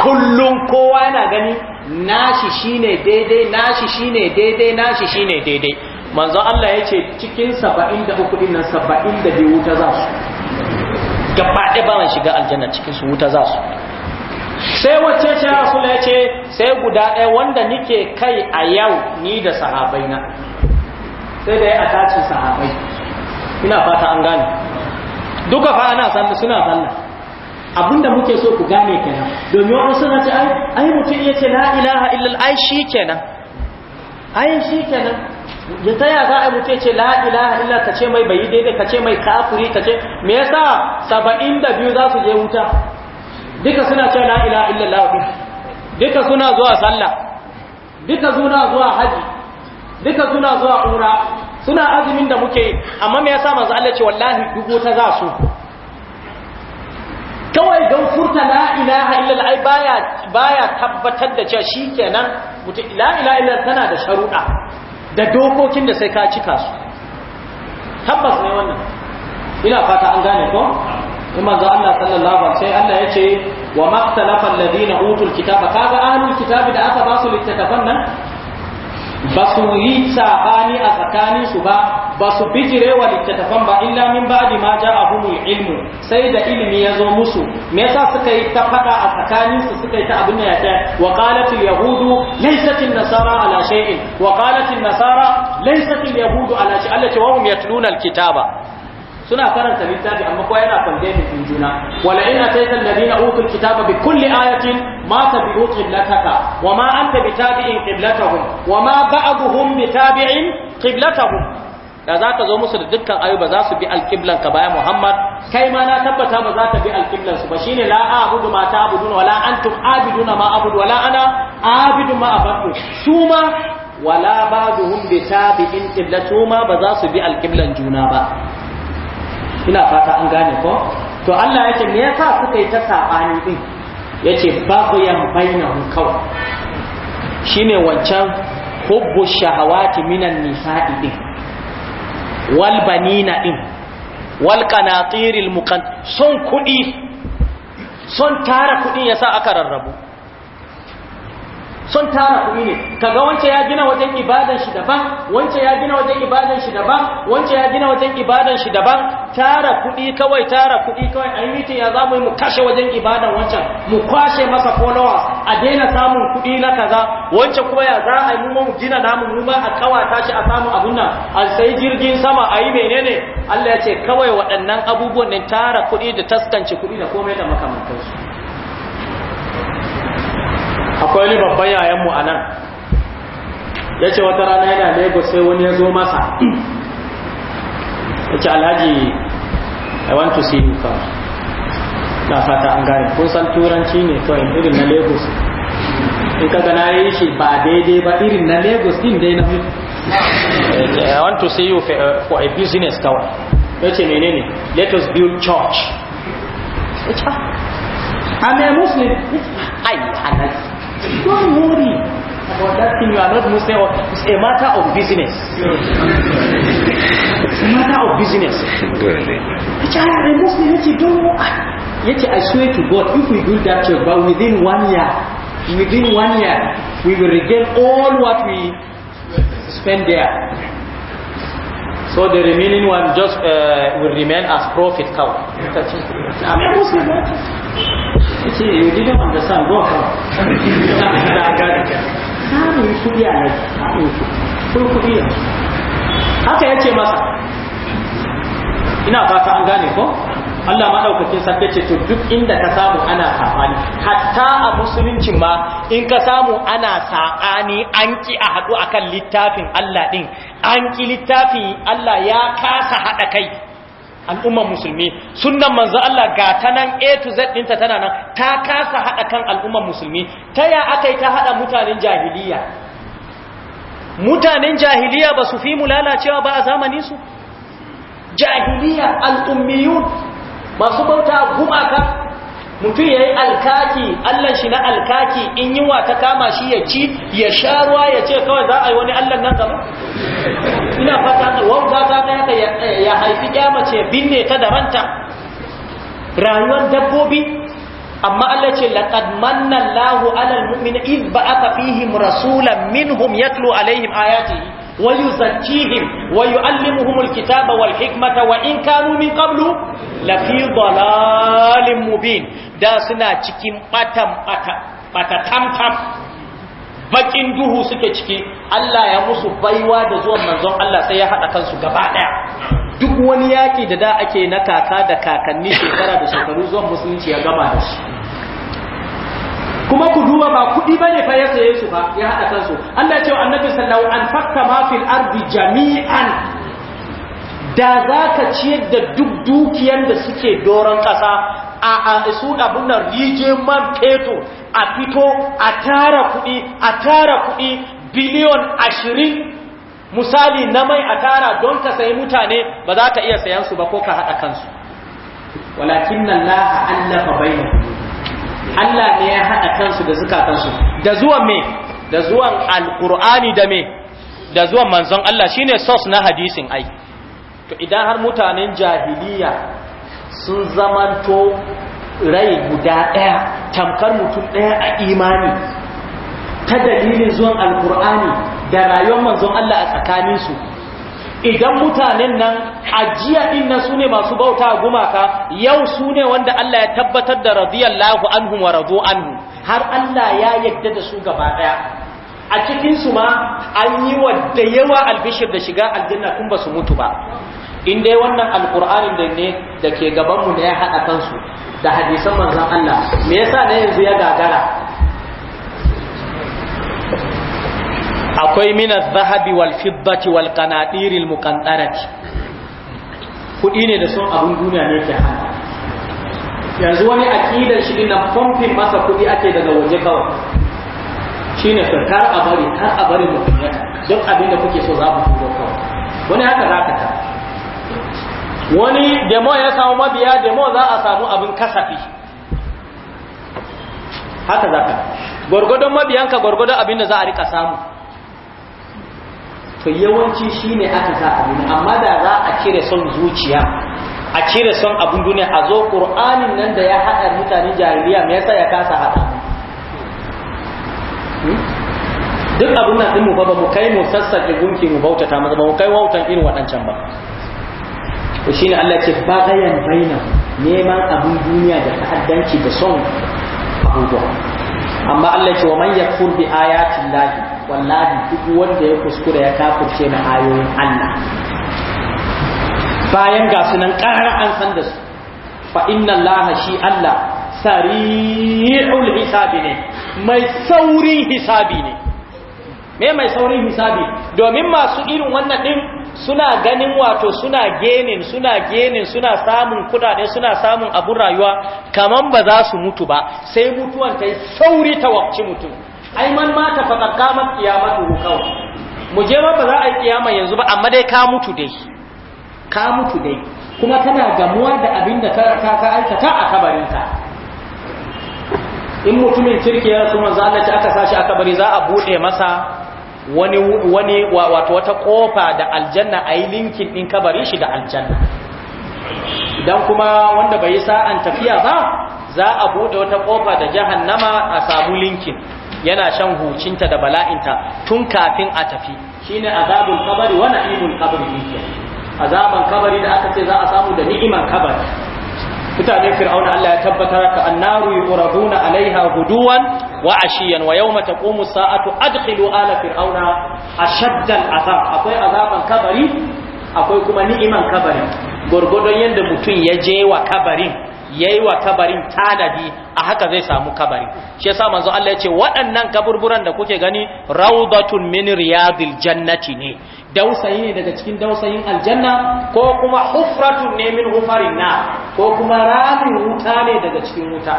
kullun kowa yana gani nashi shine daidai nashi shine daidai nashi shine daidai manzo Allah ya ce cikin 73 din nan 70 da bai wuta za su gaba ɗaya ba mai shiga aljanna cikin su wuta za su sai wacce ce rasul ya ce sai guda ɗaya wanda nike kai a yau ni da sahabai na sai da ya ataci sahabai ina fata an gane duka fa ana sanda suna sallah abinda muke so ku gane kenan domin wani suna ce ai ai mutum ya ce la ilaha illal ai shi kenan ai shi kenan ya ta ya za a mutum ya ce la ilaha illa ka ce mai bayi daidai ka ce mai kafiri ka ce me yasa saba'in da biyu za su je wuta duka suna ce la ilaha illallah duka suna zuwa sallah duka suna zuwa haji duka suna zuwa umra suna azumin da muke amma me yasa manzo Allah ce wallahi dubu ta za su kawai don furta la ilaha illallah ai ba ya tabbatar da cewa shikenan mutum la ilaha illallah tana da sharuɗa da dokokin da sai ka cika su tabbas ne wannan ina fata an gane ko Iman manzo Allah sallallahu alaihi sai Allah ya ce wa maktalafa alladhina utul kitaba kaga ahlul kitabi da aka ba su littafan nan ba su yi sabani a tsakanin su ba ba su bijire wa littattafan ba illa min ba'di ma ja'ahumul ilmu sai da ilimi ya zo musu me yasa suka yi ta faɗa a tsakanin su suka yi ta abin da ya ta wa yahudu laysat nasara ala shay'in wa qalatil nasara laysat yahudu ala shay'in Allah ce wa hum yatluna alkitaba suna karanta littafi amma ko yana condemning din juna wala in ataita alladhina utul kitaba bi kulli ayatin ma tabi'u qiblataka wa ma anta tabi'in qiblatahum wa ma ba'dhum bitabi'in qiblatahum da za ka zo musu da dukkan ayu ba za su bi alqiblan ka baya Muhammad kai ma na tabbata ba za ka bi alqiblan su ba shine la a'budu ma ta'budun wala antum a'buduna ma a'budu wala ana a'budu ma a'budu su ma wala ba'dhum bitabi'in qiblatuma ba za su bi alqiblan juna ba ina fata an gane ko to Allah ce me yasa suka yi ta sabani din yace babu yan bainahum kawai shine wancan hubbu shahawati minan nisa'i din wal banina din wal qanatiril muqan son kudi son tara kudin yasa aka rarrabu son tara kuɗi ne kaga wance ya gina wajen ibadan shi daban wance ya gina wajen ibadan shi daban wance ya gina wajen ibadan shi daban tara kuɗi kawai tara kuɗi kawai ai mitin ya zamu mu kashe wajen ibadan wancan mu kwashe masa followers a daina samun kuɗi na kaza wance kuma ya za a yi mu gina namu mu ba a kawata shi a samu abun nan a sai jirgin sama a yi menene Allah ya ce kawai waɗannan abubuwan ne tara kuɗi da taskance kuɗi da komai da makamantansu akwai wani babban yayanmu a nan ya ce wata rana yana lagos sai wani ya zo masa ya ce alhaji i want to see you first na fata an gane kun san turanci ne kawai irin na lagos in ka gana yi shi ba daidai ba irin na lagos din dai na i want to see you uh, for a business kawai ya ce menene let us build church ai halatta Don't worry about that thing. You are not Muslim. It's a matter of business. it's a matter of business. The child, the Muslim, you don't Yet I swear to God, if we do that job, but within one year, within one year, we will regain all what we spend there. So the remaining one just uh, will remain as profit cow. Yeah. I'm a Muslim. You see, you didn't understand. Go out. Samun kuɗi a nan, samun su kuɗi, kuɗi yanzu. Haka ya ce masa, ina fata an gane ko? Allah maɗaukakin sarki ce to duk inda ka samu ana saɓani hatta a musuluncin ma in ka samu ana saɓani an ki a haɗu akan littafin Allah ɗin an ki littafin Allah ya kasa haɗa kai al'ummar musulmi sunnan manzo Allah ga ta nan A to Z ɗinta tana nan ta kasa haɗa kan al'ummar musulmi ta ya aka yi ta haɗa mutanen jahiliya mutanen jahiliya ba su fi mu lalacewa ba a zamanin su jahiliya al'ummiyun masu bauta gumaka mutum ya yi alkaki allan shi na alkaki in yunwa ta kama shi ya ci ya sha ruwa ya ce kawai za a yi wani allan nan gaba ina fata wauta ta ta ya haifi ya mace binne ta da ranta rayuwar dabbobi amma Allah ce laqad manna Allahu alal mu'mina id ba'atha fihim rasulan minhum yatlu alaihim ayatihi ويزكيهم ويعلمهم الكتاب والحكمة وإن كانوا من قبل لفي ضلال مبين دا سنا cikin batan bata tamtam bakin duhu suke ciki Allah ya musu baiwa da zuwan manzon Allah sai ya hada kansu gaba daya duk wani yaki da da ake na kaka da kakanni shekara da shekaru zuwan musulunci ya gama da shi kuma ku duba ba kuɗi ne fa ya saye su ba ya haɗa kansu Allah ya ce wa annabi sallallahu an fakka ma fil ardi jami'an da za ka ciyar da duk dukiyar da suke doron ƙasa a su abin nan rije man a fito a tara kuɗi a tara kuɗi biliyon ashirin misali na mai a tara don ka sayi mutane ba za ka iya sayan su ba ko ka haɗa kansu walakin nan laha allafa bainahu Allah ne ya haɗa kansu da zukatansu da zuwan me da zuwan alkur'ani da me da zuwan manzon Allah shine source na hadisin ai to idan har mutanen jahiliya sun zamanto rai guda ɗaya tamkar mutum ɗaya a imani ta dalilin zuwan alkur'ani da rayuwar manzon Allah a tsakaninsu idan mutanen nan ajiya din nan sune masu bauta gumaka yau sune wanda Allah ya tabbatar da radiyallahu anhum wa radu anhu har Allah ya yadda da su gaba daya a cikin su ma an yi wa da yawa albishir da shiga aljanna kun ba su mutu ba in dai wannan alqur'anin da ne da ke gaban mu ne ya hada kansu da hadisan manzon Allah me yasa ne yanzu ya gagara akwai minas zahabi wal fiddati wal qanadiril muqandarati kudi ne da son abun duniya ne ke hana yanzu wani akidar shi na pumping masa kudi ake daga waje kawai shine ka kar a bari kar a bari mu duk abin da kuke so za ku turo kawai wani haka za ka ta wani demo ya samu mabiya demo za a samu abin kasafi haka za ka gwargwadon mabiyanka gwargwadon abin da za a rika samu to yawanci ne aka sa a duniya amma da za a cire son zuciya a cire son abin duniya a zo qur'anin nan da ya haɗa mutane jahiliya me yasa ya kasa haɗa? Hmm? duk abun nan ɗin mu ba mu kai mu sassaƙe gunki mu bautata maza ba mu kai wautan irin waɗancan ba to ne Allah ce bagayan baina neman abun duniya da ta'addanci da son abubuwa amma Allah ce wa man yakfur bi ayati llahi wallahi duk wanda ya kuskura ya kafirce na ayoyin Allah bayan ga sunan karar an san da su fa inna Allah shi Allah sari'ul hisabi ne mai saurin hisabi ne me mai saurin hisabi domin masu irin wannan din suna ganin wato suna genin suna genin suna samun kudade suna samun abun rayuwa kaman ba za su mutu ba sai mutuwan ta yi sauri ta wakci mutum ai man mata fa kiyama qiyamatu kawai mu je ba za a yi kiyama yanzu ba amma dai ka mutu dai ka mutu dai kuma kana gamuwa da abin da ka ka aikata a kabarinka in mutumin kirki ya rasu manzo Allah aka sashi a kabari za a bude masa wani wani wato wata kofa da aljanna a yi linkin din kabarin shi da aljanna dan kuma wanda bai sa'an tafiya ba za a bude wata kofa da jahannama a samu linkin yana shan hucinta da bala'inta tun kafin a tafi shine azabul kabari wa na'imul kabari azaban kabari da aka ce za a samu da ni'iman kabari mutane fir'auna Allah ya tabbatar ka annaru yuraduna alaiha guduwan wa ashiyan wa yawma taqumu sa'atu adkhilu ala fir'auna ashaddan azab akwai azaban kabari akwai kuma ni'iman kabari gurgudon yanda mutum ya je wa kabarin yayi wa kabarin tanadi a haka zai samu kabari. shi yasa manzo Allah ya ce waɗannan kaburburan da kuke gani raudatun min riyadil jannati ne dausayi ne daga cikin dausayin aljanna ko kuma hufratun ne min hufarin na ko kuma ramin wuta ne daga cikin wuta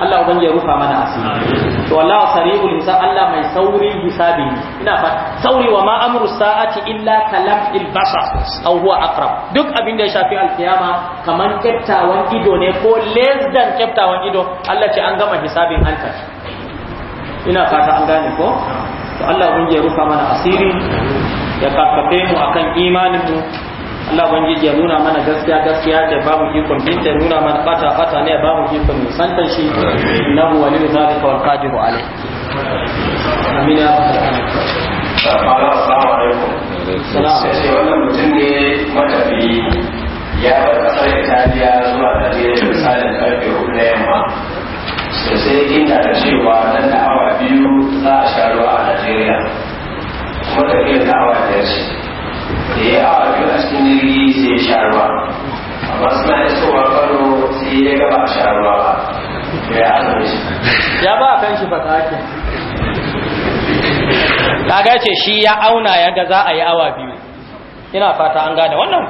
Allah ubangiji ya rufa mana asiri to Allah sari'ul hisab Allah mai sauri hisabi ina fa sauri wa ma amru sa'ati illa kalamil basar aw huwa aqrab duk abin da ya shafi alkiyama kaman kyaftawan ido ne ko less than kyaftawan ido Allah ce an gama hisabin an ina fata an gane ko to Allah ubangi ya rufa mana asiri ya kakkafe mu akan imanin mu Allah ubangiji ya nuna mana gaskiya gaskiya ta ba mu ikon binta nuna mana fata fata ne ba mu ikon mu santa shi innahu waliyyu zalika wal qadiru alayh amina assalamu alaikum sai wannan mutum ne matafi ya bar kasar italiya zuwa najeriya misalin karfe hudu na yamma sai inda da cewa nan da awa biyu za a sha ruwa a najeriya kuma tafiyar da awa biyar ce da ya awa wajen a cikin jirgi sai ya sha ruwa amma suna a kano sai ya gaba a sha ruwa ba ya azumi shi ya ba a kan shi ake ta gace shi ya auna yadda za a yi awa biyu ina fata an gane wannan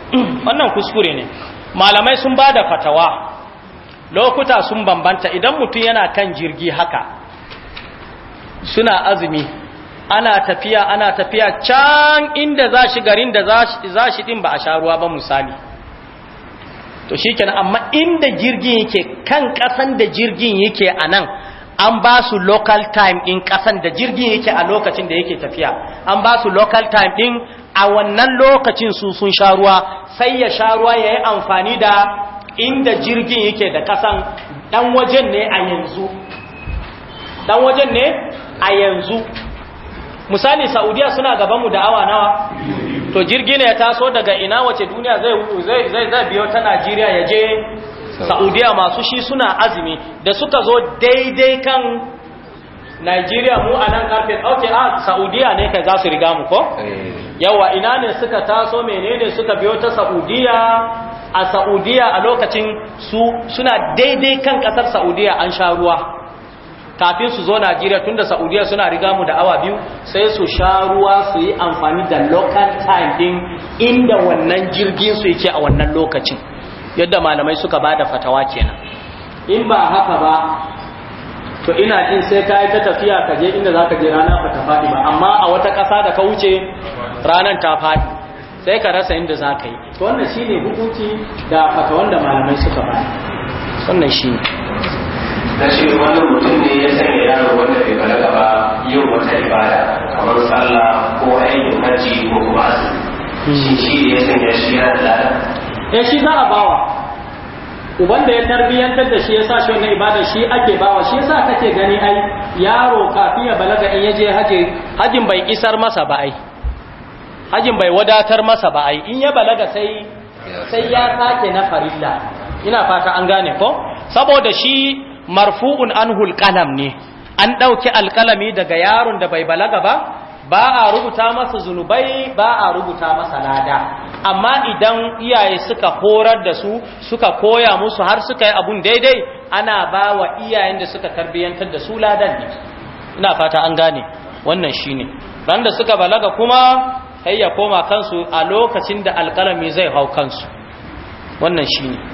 [clears throat] wannan kuskure ne malamai sun ba da fatawa lokuta sun bambanta idan mutum yana kan jirgi haka suna azumi ana tafiya ana tafiya can inda za shi garin da za shi din ba a sha ruwa ba misali to shi amma inda jirgin yake kan kasan da jirgin yake a nan an ba su local time in ƙasan da jirgin yake a lokacin da yake tafiya an ba su local time din a wannan lokacin su sun sha ruwa sai ya sha ruwa ya yi amfani da inda jirgin yake da kasan dan wajen ne a yanzu ɗan wajen ne a yanzu misali saudiya suna gaban mu da awa nawa to jirgi ne ya taso daga ina wace duniya zai zai zai biyo ta najeriya ya je saudiya masu shi suna azumi da suka zo daidai kan najeriya mu a nan karfe ok a ah, saudiya ne kai za su riga mu ko eh. yawa ina ne suka taso menene suka biyo ta saudiya a saudiya a lokacin su suna daidai kan kasar saudiya an sha ruwa kafin su zo Najeriya tun da Saudiya suna riga mu da awa biyu sai su sha ruwa su yi amfani da local time din inda wannan jirgin su yake a wannan lokacin yadda malamai suka bada fatawa kenan in ba haka ba to ina jin sai ka yi ta tafiya ka je inda za je rana ba ta faɗi ba amma a wata kasa da ka wuce ranar ta faɗi sai ka rasa inda zaka ka yi wannan shine hukunci da fatawan da malamai suka bada wannan shine na ce wani mutum ne ya sanya yaro wanda bai balaga ba yin wata ibada kamar sallah ko aikin hajji ko kuma azumi shi shi ya sanya shi ya da lada ya eh, shi za a bawa uban da ya tarbiyyantar da shi ya sa shi wannan ibada shi ake bawa shi yasa kake gani ai yaro kafin ya balaga in yaje haji hajin bai isar masa ba ai hajin bai wadatar masa ba ai in ya balaga sai sai ya sake na farilla ina fata an gane ko saboda shi marfu'un anhul qalam ne an ɗauki alƙalami daga yaron da bai balaga ba ba a rubuta masa zunubai ba a rubuta masa lada amma idan iyaye suka horar da su suka koya musu har suka yi abun daidai ana ba wa iyayen da suka tarbiyyantar da su ladan ne ina fata an gane wannan shine ran da suka balaga kuma sai ya koma kansu a lokacin da alƙalami zai hau kansu wannan shine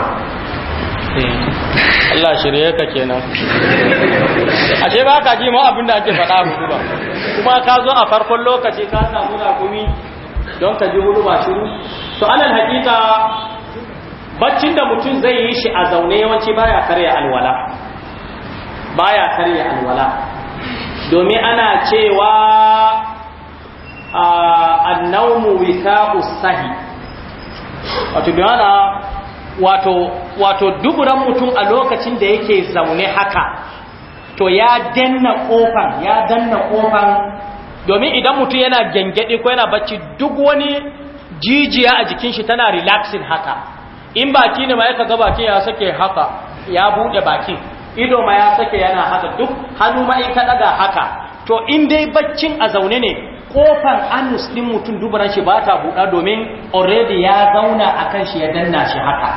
Allah shirye ka kenan ashe ba ka ji ma abin da ake faɗa mu ba kuma ka zo a farkon lokaci ka samu rakumi don ka ji hudu ba shiru to alal hakika baccin da mutum zai yi shi a zaune yawanci baya karya alwala baya karya alwala domin ana cewa a annaumu wika'u sahi wato bi wato wato duburan mutum a lokacin da yake zaune haka to ya danna kofan ya danna kofan domin idan mutum yana gengede ko yana bacci duk wani jijiya a jikin shi tana relaxing haka in baki ne ma ya kaga bakin ya sake haka ya bude baki ido ma ya sake yana haka duk hannu ma in ka haka to in dai baccin a zaune ne kofar anus din mutum dubaran shi ba ta buɗa domin already ya zauna a kan shi ya danna shi haka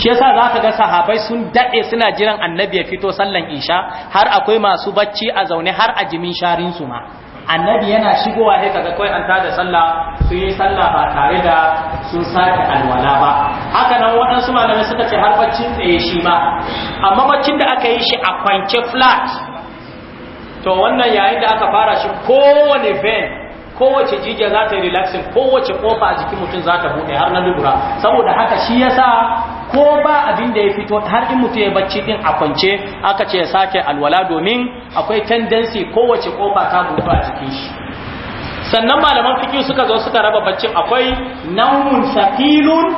shi yasa za ka ga sahabai sun daɗe suna jiran annabi ya fito sallan isha har akwai masu bacci a zaune har a jimin sharinsu ma annabi yana shigowa sai kaga kawai an tada sallah sun yi sallah ba tare da sun sake alwala ba haka nan waɗansu malamai suka ce har baccin tsaye shi ma amma baccin da aka yi shi a kwance flat to wannan yayin da aka fara shi kowane vein kowace jijiya za ta yi relaxing kowace kofa a jikin mutum za ta buɗe har na dubura saboda haka shi ya sa ko ba abin da ya fito har in mutum ya bacci din a kwance aka ce ya sake alwala domin akwai tendency kowace kofa ta buɗe a jikin shi sannan malaman fiki suka zo suka raba baccin akwai naumun safilun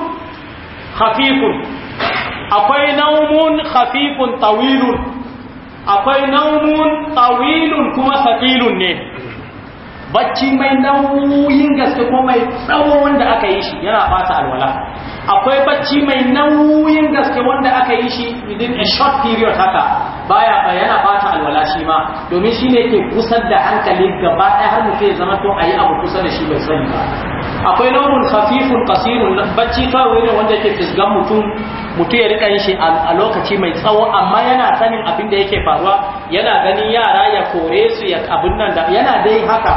hafifun akwai naumun khafifun tawilun akwai naumun tsawilun kuma saƙilun ne bacci mai nauyin gaske ko mai tsawon da aka yi shi yana fata alwala akwai bacci mai nauyin gaske wanda aka yi shi within a short period haka baya ba yana bata alwala shi ma domin shi ne ke kusar da hankali gaba ɗaya har mutum ya zama to a yi abu kusa da shi bai sani ba akwai nau'in khafifun qasirun bacci kawai ne wanda yake fisgan mutum mutum ya rika yin shi a lokaci mai tsawo amma yana sanin abin da yake faruwa yana ganin yara ya kore su ya abin nan da yana dai haka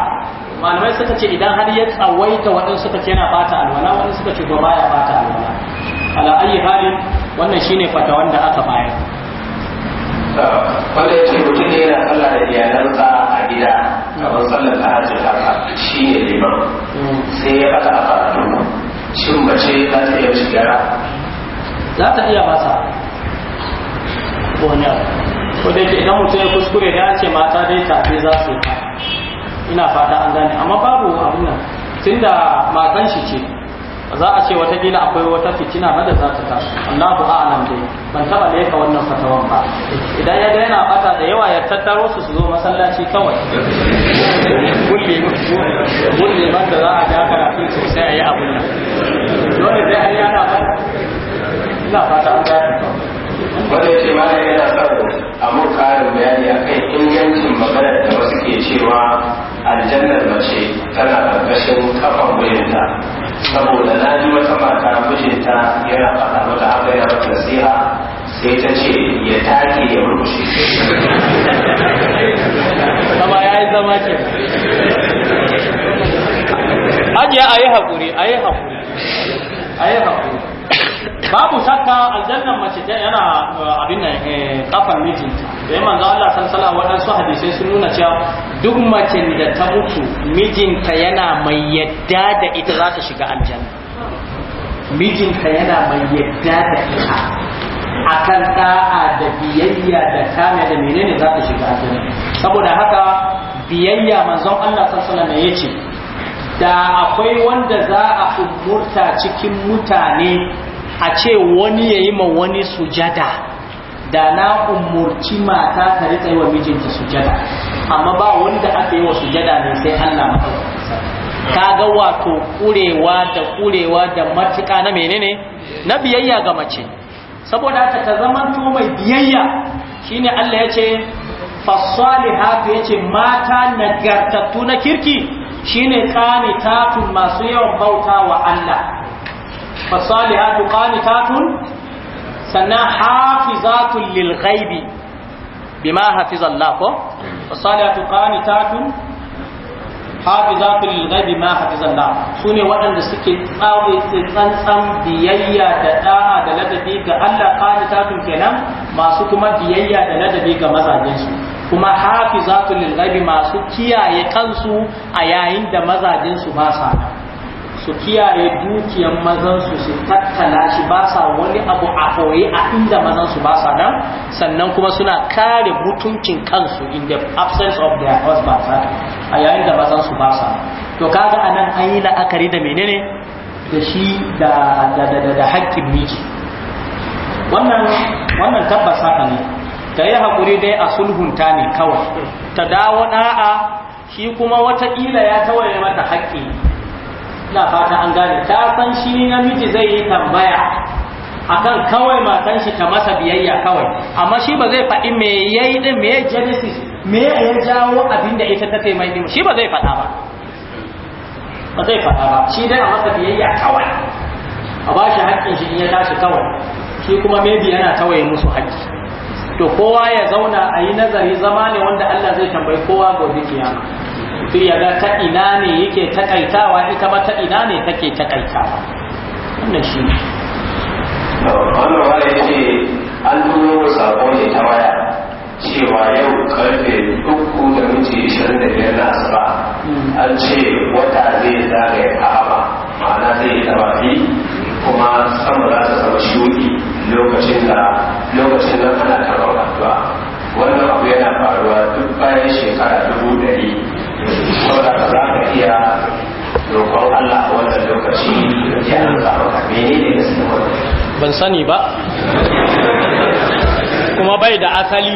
malamai suka ce idan har ya tsawaita waɗansu suka ce yana bata alwala wani suka ce ba ya bata alwala ala ayi halin wannan shine fata wanda aka bayar wanda ya ce mutum ne yana sallah da iyalansa a gida kamar sallar tahajjud haka shi ne liman sai ya bata a faratu shin mace za ta iya shigara za ta iya masa ko ne ko da ke idan mutum ya kuskure da ya ce mata dai tafi za su yi ina fata an gane amma babu abin nan tunda matan shi ce za a ce watakila akwai wata fitina ba da za ta taso Allahu a'lam dai ban taba leka wannan fatawan ba idan ya ga yana bata da yawa ya tattaro su su zo masallaci kawai kulli gulle man da za a ja karatu sosai a yi abun nan dole sai an yana ba fata wannan mace tana ƙarƙashin kafan wuyanta saboda na ji wata mata mijinta yana faɗa mata haka yana mata nasiha sai ta ce ya take ya rushe Kama ya yi zama ce ajiya a yi haƙuri a yi haƙuri a yi haƙuri babu shakka aljannan mace ta yana eh, abin nan eh, kafar mijinta dai eh, manzo Allah sallallahu alaihi wasallam hadisai sun nuna cewa duk mace da ta mutu mijinta yana mai yadda da ita za ta shiga aljanna mijinta yana mai yadda da ita akan da'a da biyayya da kame da menene za ta shiga aljanna saboda haka biyayya manzon Allah sallallahu alaihi wasallam yace da akwai wanda za a umurta cikin mutane a ce wani ya yi ma wani sujada da na umurci mata ta rika wa mijinta sujada amma ba wani da aka yi wa sujada ne sai Allah ka ga wato kurewa da kurewa da matuka na menene na biyayya ga mace saboda ta ta zamanto mai biyayya shine Allah ya ce fasalihatu ce mata nagartattu na kirki shine qanitatun masu yawan bauta wa Allah fasalihatu qanitatun sannan hafizatun lil ghaibi bima hafizallah ko fasalihatu qanitatun hafizatun lil ghaibi ma hafizallah sune waɗanda suke tsawe tsantsan biyayya da da'a da ladabi ga Allah qanitatun kenan masu kuma biyayya da ladabi ga mazajensu kuma hafizatul lil ghaibi masu kiyaye kansu a yayin da mazajensu basa. su kiyaye dukiyan mazansu su tattala shi ba sa wani abu a koye a inda mazansu ba sa nan sannan kuma suna kare mutuncin kansu in the absence of their husband a yayin da mazansu ba sa to kaga anan an yi la'akari da menene da shi da haƙƙin miji wannan wannan tabbas haka ne da ya haƙuri dai a sulhunta ne kawai ta dawo da'a shi kuma wataƙila ya tawaye mata haƙƙi ina fata an gane ta san shi namiji zai yi tambaya akan kawai matan shi ta masa biyayya kawai amma shi ba zai faɗi me yayi din me ya genesis me ya jawo abinda ita ta kai mai shi ba zai faɗa ba ba zai faɗa ba shi dai a masa biyayya kawai a ba shi haƙƙin shi in ya tashi kawai shi kuma me bi yana tawaye musu haƙƙi to kowa ya zauna a yi nazari zama ne wanda Allah zai tambayi kowa gobe kiyama sai ya ga ta ina ne yake takaitawa ita ba ta ina ne take takaitawa wannan shi ne wannan wani ya ce an turo sako ne ta waya cewa yau karfe uku da minti ishirin da biyar na asuba an ce wata zai zagaye ka'aba ma'ana zai yi tabafi kuma sama za ta samu shuɗi lokacin da lokacin da ana karɓar addu'a wannan abu yana faruwa duk bayan shekara dubu ɗari saboda ban sani ba kuma bai da asali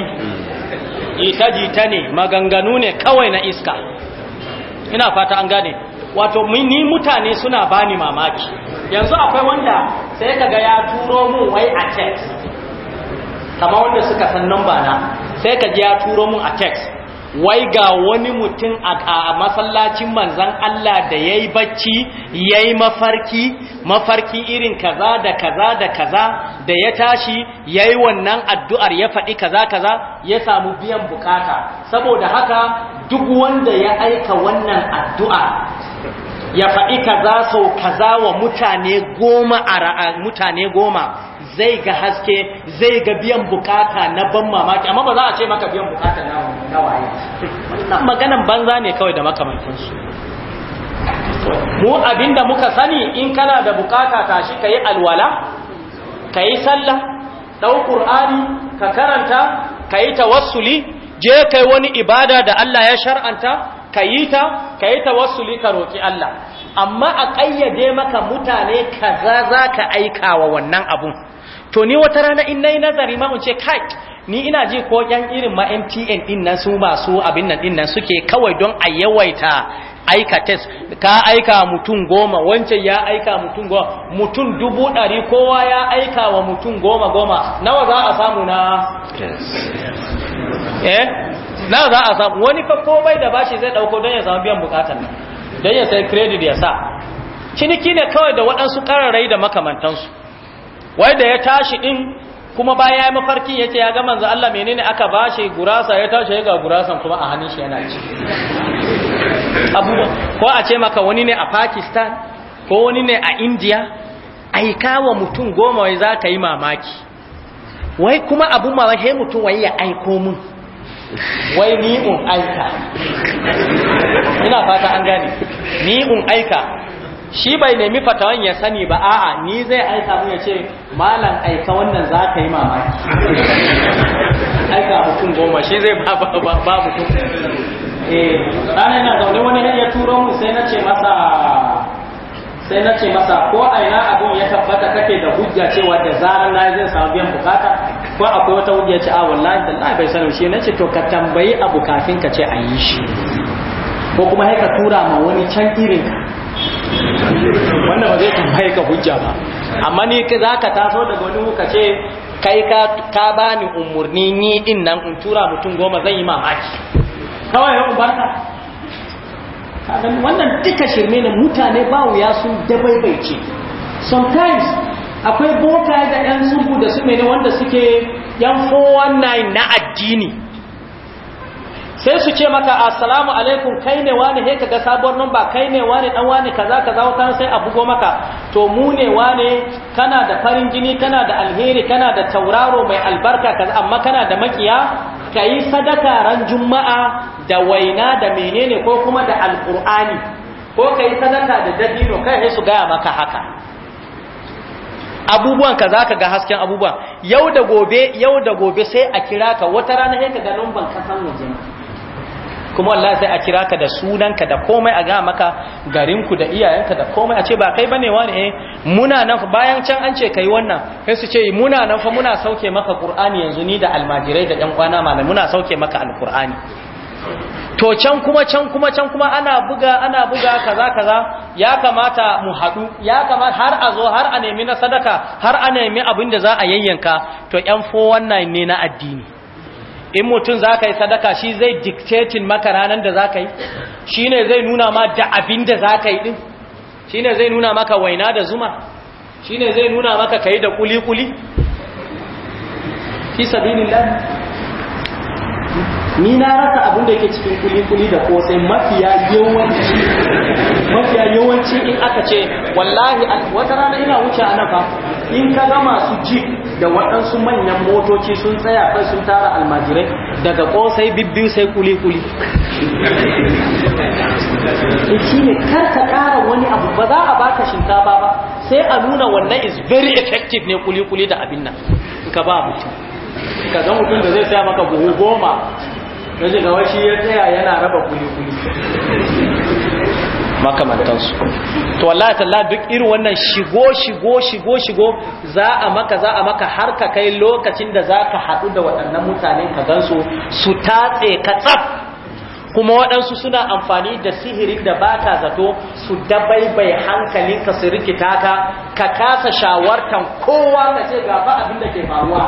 ita jita ne maganganu ne kawai na iska ina fata an gane wato ni mutane suna bani mamaki yanzu akwai wanda sai kaga ya turo mun wai a text kama wanda suka san namba na sai kaga ya turo mun a text wai ga wani mutum a masallacin manzan Allah da ya yi bacci ya yi mafarki mafarki irin kaza da kaza da kaza da ya tashi ya yi wannan addu'ar ya faɗi kaza kaza ya samu biyan bukata saboda haka duk wanda ya aika wannan addu'a ya faɗi kaza sau kaza wa mutane goma a mutane goma zai ga haske zai ga biyan bukata na ban mamaki amma ba za a ce maka biyan bukata na waye wannan maganan banza ne kawai da makamantansu mu abinda muka sani in kana da bukata tashi ka yi alwala ka yi sallah ɗau ƙur'ani ka karanta ka yi tawassuli je kai wani ibada da Allah ya shar'anta ka yi ta ka yi tawassuli ka roƙi Allah amma a ƙayyade maka mutane kaza za ka aika wa wannan abun to ni wata rana in nayi nazari ma ce kai ni ina ji ko yan irin ma MTN din nan su masu abin nan din nan suke kawai don a yawaita aika test ka aika mutum goma wancan ya aika mutum goma mutum dubu ɗari kowa ya aika wa mutum goma goma nawa za a samu na eh nawa za a samu wani fa komai da bashi zai dauko don ya samu biyan bukatar don ya sai credit ya sa ciniki ne kawai da waɗansu ƙararrai da makamantansu wai da ya tashi din kuma baya ya yi mafarkin ya ce ya ga manzo Allah menene aka bashi gurasa ya tashi ya ga gurasan kuma a hannun shi yana ci ko a ce maka wani ne a Pakistan ko wani ne a India aika wa mutum goma wai za yi mamaki wai kuma abu ma wai he mutum wai ya aiko mun wai ni un aika ina fata an gane ni un aika shi bai nemi fatawan ya sani ba a'a ni zai aika mu ya ce malam aika wannan za ka yi mamaki [laughs] aika mutum goma shi zai ba ba ba ba mutum eh ana yana zaune wani ya turo mu sai na ce masa sai na ce masa ko aina abin ya tabbata kake da hujja cewa da zarar na zai samu biyan bukata ko akwai wata hujja ce a wallahi da bai sani shi na ce to ka tambayi abu kafin ka ce a yi shi ko kuma haika tura ma wani can irin ka wannan ba zai tambaye ka hujja ba amma ni ka zaka taso daga wani muka ce kai ka ka bani umurni ni din nan in tura mutum goma zan yi mamaki kawai ya ubarka wannan duka shirme ne mutane ba wuya sun dabaibaice sometimes akwai bota da yan zubu da su mene wanda suke yan 419 na addini sai su ce maka assalamu alaikum kai ne wani he kaga sabuwar ba kai ne wani dan wani kaza kaza wata sai a bugo maka to mu ne wani kana da farin jini kana da alheri kana da tauraro mai albarka kaza amma kana da makiya kai sadaka ran juma'a da waina da menene ko kuma da alqur'ani ko kai sadaka da dadino kai sai su gaya maka haka abubuwan ka zaka ga hasken abubuwan yau da gobe yau da gobe sai a kira ka wata rana sai ka ga numban kasan kuma wallahi sai a kira ka da sunanka da komai a ga maka garinku da iyayenka da komai a ce ba kai bane wani eh muna nan bayan can an ce kai wannan sai su ce eh, muna nan fa muna sauke maka qur'ani yanzu ni da almajirai da yan kwana malam muna sauke maka alqur'ani to can kuma can kuma can kuma ana buga ana buga kaza kaza ya kamata mu haɗu ya kamata har a zo har a nemi na sadaka har a nemi abin da za a yayyanka to yan wannan ne na addini in mutum za ka yi sadaka shi zai dictating maka ranar da za ka yi shi ne zai nuna ma da abin da za ka yi ɗin shi ne zai nuna maka waina da zuma shi ne zai nuna maka ka yi da kuli-kuli fi sabinin lani ni na rasa abin da yake cikin kuli-kuli da kosai mafiya yawanci mafiya yawanci in aka ce wallahi wata rana ina wuce a nafa in ka ga masu ji da waɗansu manyan motoci sun tsaya kai sun tara almajirai daga kosai bibbiyu sai kuli-kuli shi ne kar ka ƙara wani abu ba za a baka shinkafa ba sai a nuna wannan is very effective ne kuli-kuli da abin nan ka ba mutum ka ga mutum da zai saya maka buhu goma na ga wacce ya tsaya yana raba kuli-kuli makamantansu to wallahi talla duk irin wannan shigo shigo shigo shigo za a maka za a maka har ka kai lokacin da za ka haɗu da waɗannan mutane ka gansu su tatse ka tsaf kuma waɗansu suna amfani da sihirin da ba ka zato su dabaibai ka su rikita ka ka kasa shawartan kowa ka ce gaba abin da ke faruwa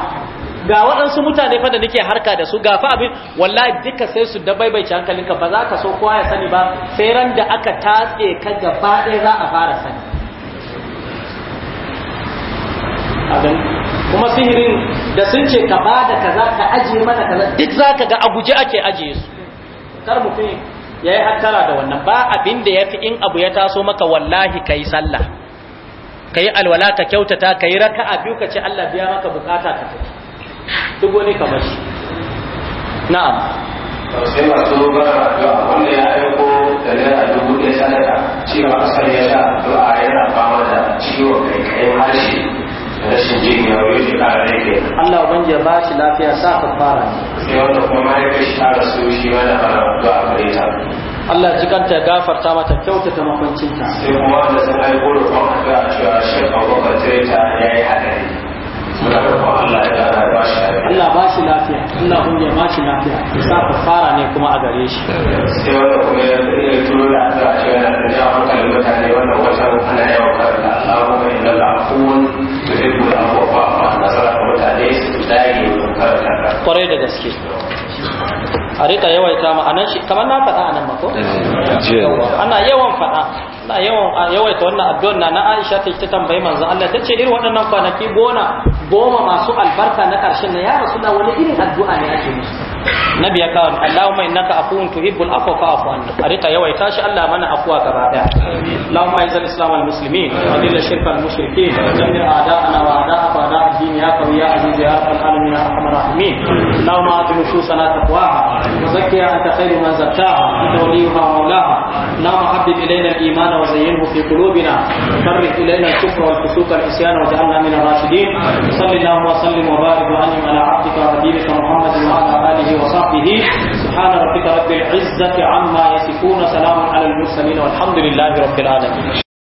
ga waɗansu mutane fa da nake harka da su ga fa abin wallahi duka sai su dabaibaice hankalinka ba za ka so kowa ya sani ba sai ran da aka tatse ka gaba ɗaya za a fara sani kuma sihirin da sun ce ka bada kaza ka ajiye mana kaza duk za ka ga abuje ake ajiye su kar mutum ya yi hattara da wannan ba abin da ya fi in abu ya taso maka wallahi ka yi sallah ka yi alwala ka kyautata ka yi raka'a biyu ka ce Allah biya maka bukata ka tafi duk wani kamar shi na'am sai masu ba da wanda ya yi ko da naira dubu ɗaya sadaka ma asali ya sa du'a yana fama da ciwon kai kai harshe rashin jin ya wuce shi ƙara rage Allah ubangi ya ba shi lafiya sa ka fara sai wanda kuma kai shi ta rasu shi ma da fara du'a gare ta Allah ji kanta gafarta mata kyautata makwancinta sai kuma wanda sun aiko da kuma ga cewa shi abubakar ta ya yi haɗari Allah ba shi lafiya Allah ya ba shi lafiya ya ku fara ne kuma a gare shi sai mutane da kwarai da gaske a rika yawaita ma'anar shi kamar na faɗa anan mako eh, ana yawan faɗa ana yawan yawaita wannan addu'ar na Aisha ta ta tambayi manzon Allah ta ce irin waɗannan kwanaki gona goma masu albarka na ƙarshen na ya rasu na wani irin addu'a ne ake musu nabi ya kawo Allahumma innaka afuwun tuhibbul afwa fa'fu anna a rika yawaita shi Allah mana afuwa gaba daya Allahumma izal islam al muslimin wa dilla shirka al mushrikin wa dammir a'da'ana wa a'da'aka wa da'a din ya qawi ya aziz ya rabbal alamin ya arhamar rahimin Allahumma ati nufusana taqwaha wa zakkiha anta khairu man zakkaha anta waliyuha wa mawlaha Allahumma habbib ilayna al iman wa zayyinhu fi qulubina karrih ilayna al kufra wal fusuq wal isyan wa ja'alna min ar rashidin sallallahu wa sallim wa barik wa an'im ala abdika wa habibika Muhammadin wa ala alihi وصحبه سبحان ربك رب العزة عما يصفون سلام على المرسلين والحمد لله رب العالمين